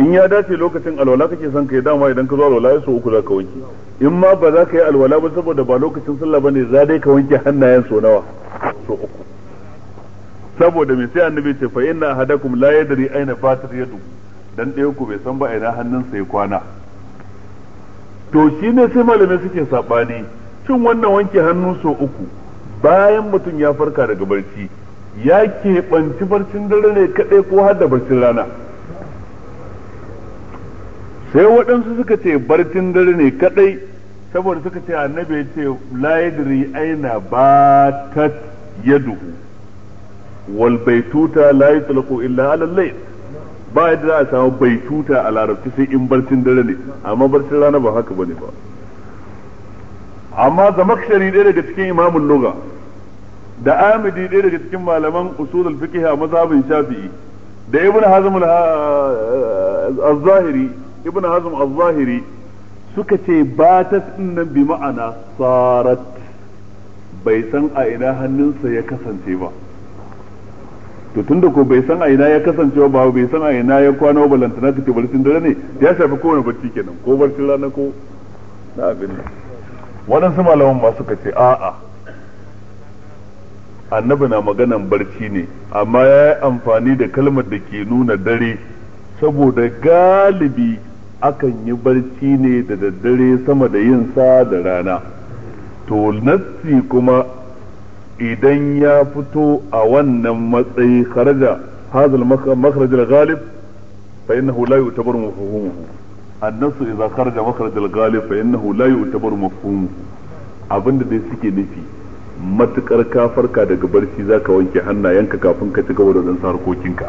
Speaker 1: in ya dace lokacin alwala kake son kai dama idan ka zo alwala ya so uku za ka wanke in ma ba za ka yi alwala ba saboda ba lokacin sallah bane za dai ka wanke hannayen so nawa so uku saboda me sai annabi ce fa inna ahadakum la yadri aina fatir yadu dan ɗayan ku bai san ba ina hannunsa ya kwana to shi ne sai malamai suke saɓani cin wannan wanke hannu sau uku bayan mutum ya farka daga barci ya ke ɓanci barcin dare ne kaɗai ko har da barcin rana sai waɗansu suka ce barcin dare ne kadai saboda suka ce annabi ya ce la yadri aina batat yadu wal baituta la yutlaqu illa ala al-layl ba yadda za a samu baituta a larabci sai in barcin dare ne amma barcin rana ba haka bane ba amma zamakshari ɗaya daga cikin imamun luga da amidi ɗaya daga cikin malaman usulul fiqh a mazhabin shafi'i da ibnu hazm al-zahiri ibn hazm al zahiri suka ce ba ta nan bi ma'ana sarat bai san a ina hannunsa ya kasance ba to tunda ko bai san a ina ya kasance ba bai san a ina ya kwana ta take barcin dare ne ya shafi kowane barci kenan ko barcin rana ko na abin nan waɗansu malaman ba suka ce a'a annabi na maganan barci ne amma ya yi amfani da kalmar da ke nuna dare saboda galibi akan yi barci ne da daddare sama da yin sa da rana to nassi kuma idan ya fito a wannan matsayi kharaja هذا المخرج الغالب فإنه لا يعتبر idza kharaja makhraj al-ghalib fa innahu la yu'tabar مفهومه abinda dai suke nufi matukar ka farka daga barci zaka wanke hannayenka kafin ka ci gaba da wadansu harkokinka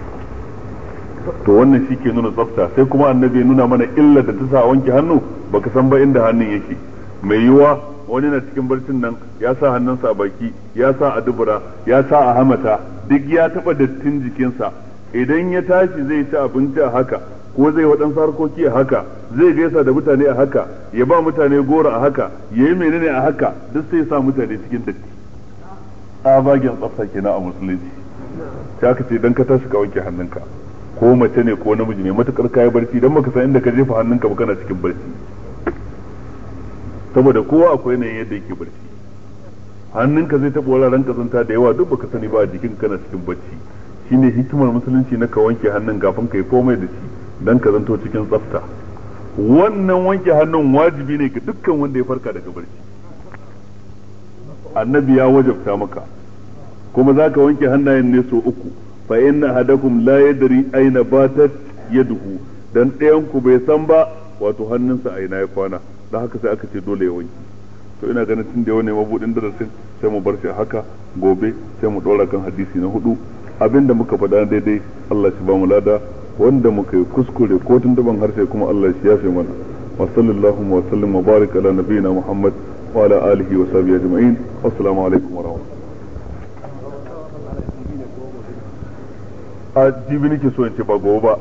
Speaker 1: to wannan shi ke nuna tsafta sai kuma annabi ya nuna mana illa da ta sa wanke hannu baka san ba inda hannun yake mai yiwuwa wani na cikin barcin nan ya sa hannunsa a baki ya sa a dubura ya sa a hamata duk ya taba dattin jikinsa idan ya tashi zai ci abinci a haka ko zai waɗansu harkoki a haka zai gaisa da mutane a haka ya ba mutane goro a haka ya yi menene a haka duk sai sa mutane cikin datti tsabagen tsafta kenan a musulunci ta ka ce ka tashi ka wanke hannunka ko mace ne ko namiji ne matukar kayi barci don maka san inda ka jefa hannunka ka kana cikin barci saboda kowa akwai ne yadda yake barci hannun ka zai taɓa wuraren kazanta da yawa duk baka sani ba a jikin kana cikin barci shine hikimar musulunci na ka wanke hannun kafin ka yi komai da shi don ka zanto cikin tsafta wannan wanke hannun wajibi ne ga dukkan wanda ya farka daga barci annabi ya wajabta maka kuma za ka wanke hannayen ne so uku fa inna hadakum la yadri aina batat yaduhu dan ɗayan ku bai san ba wato hannunsa a ina ya kwana da haka sai aka ce dole ya wanki to ina ganin tun da wani mabudin darasin sai mu bar shi haka gobe sai mu ɗora kan hadisi na hudu abinda muka faɗa daidai Allah shi ba mu lada wanda muka yi kuskure ko tuntuban harshe kuma Allah shi ya fi mana wa sallallahu wa sallam wa ala nabiyina Muhammad wa ala alihi wa sahbihi ajma'in assalamu alaikum wa rahmatullahi a jibi nake so in ce ba gobe ba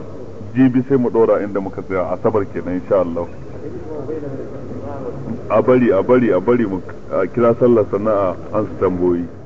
Speaker 1: jibi sai mu dora inda muka tsaya asabar kenan insha Allah a bari a bari a bari mu kira sallar sana'a an su tamboyi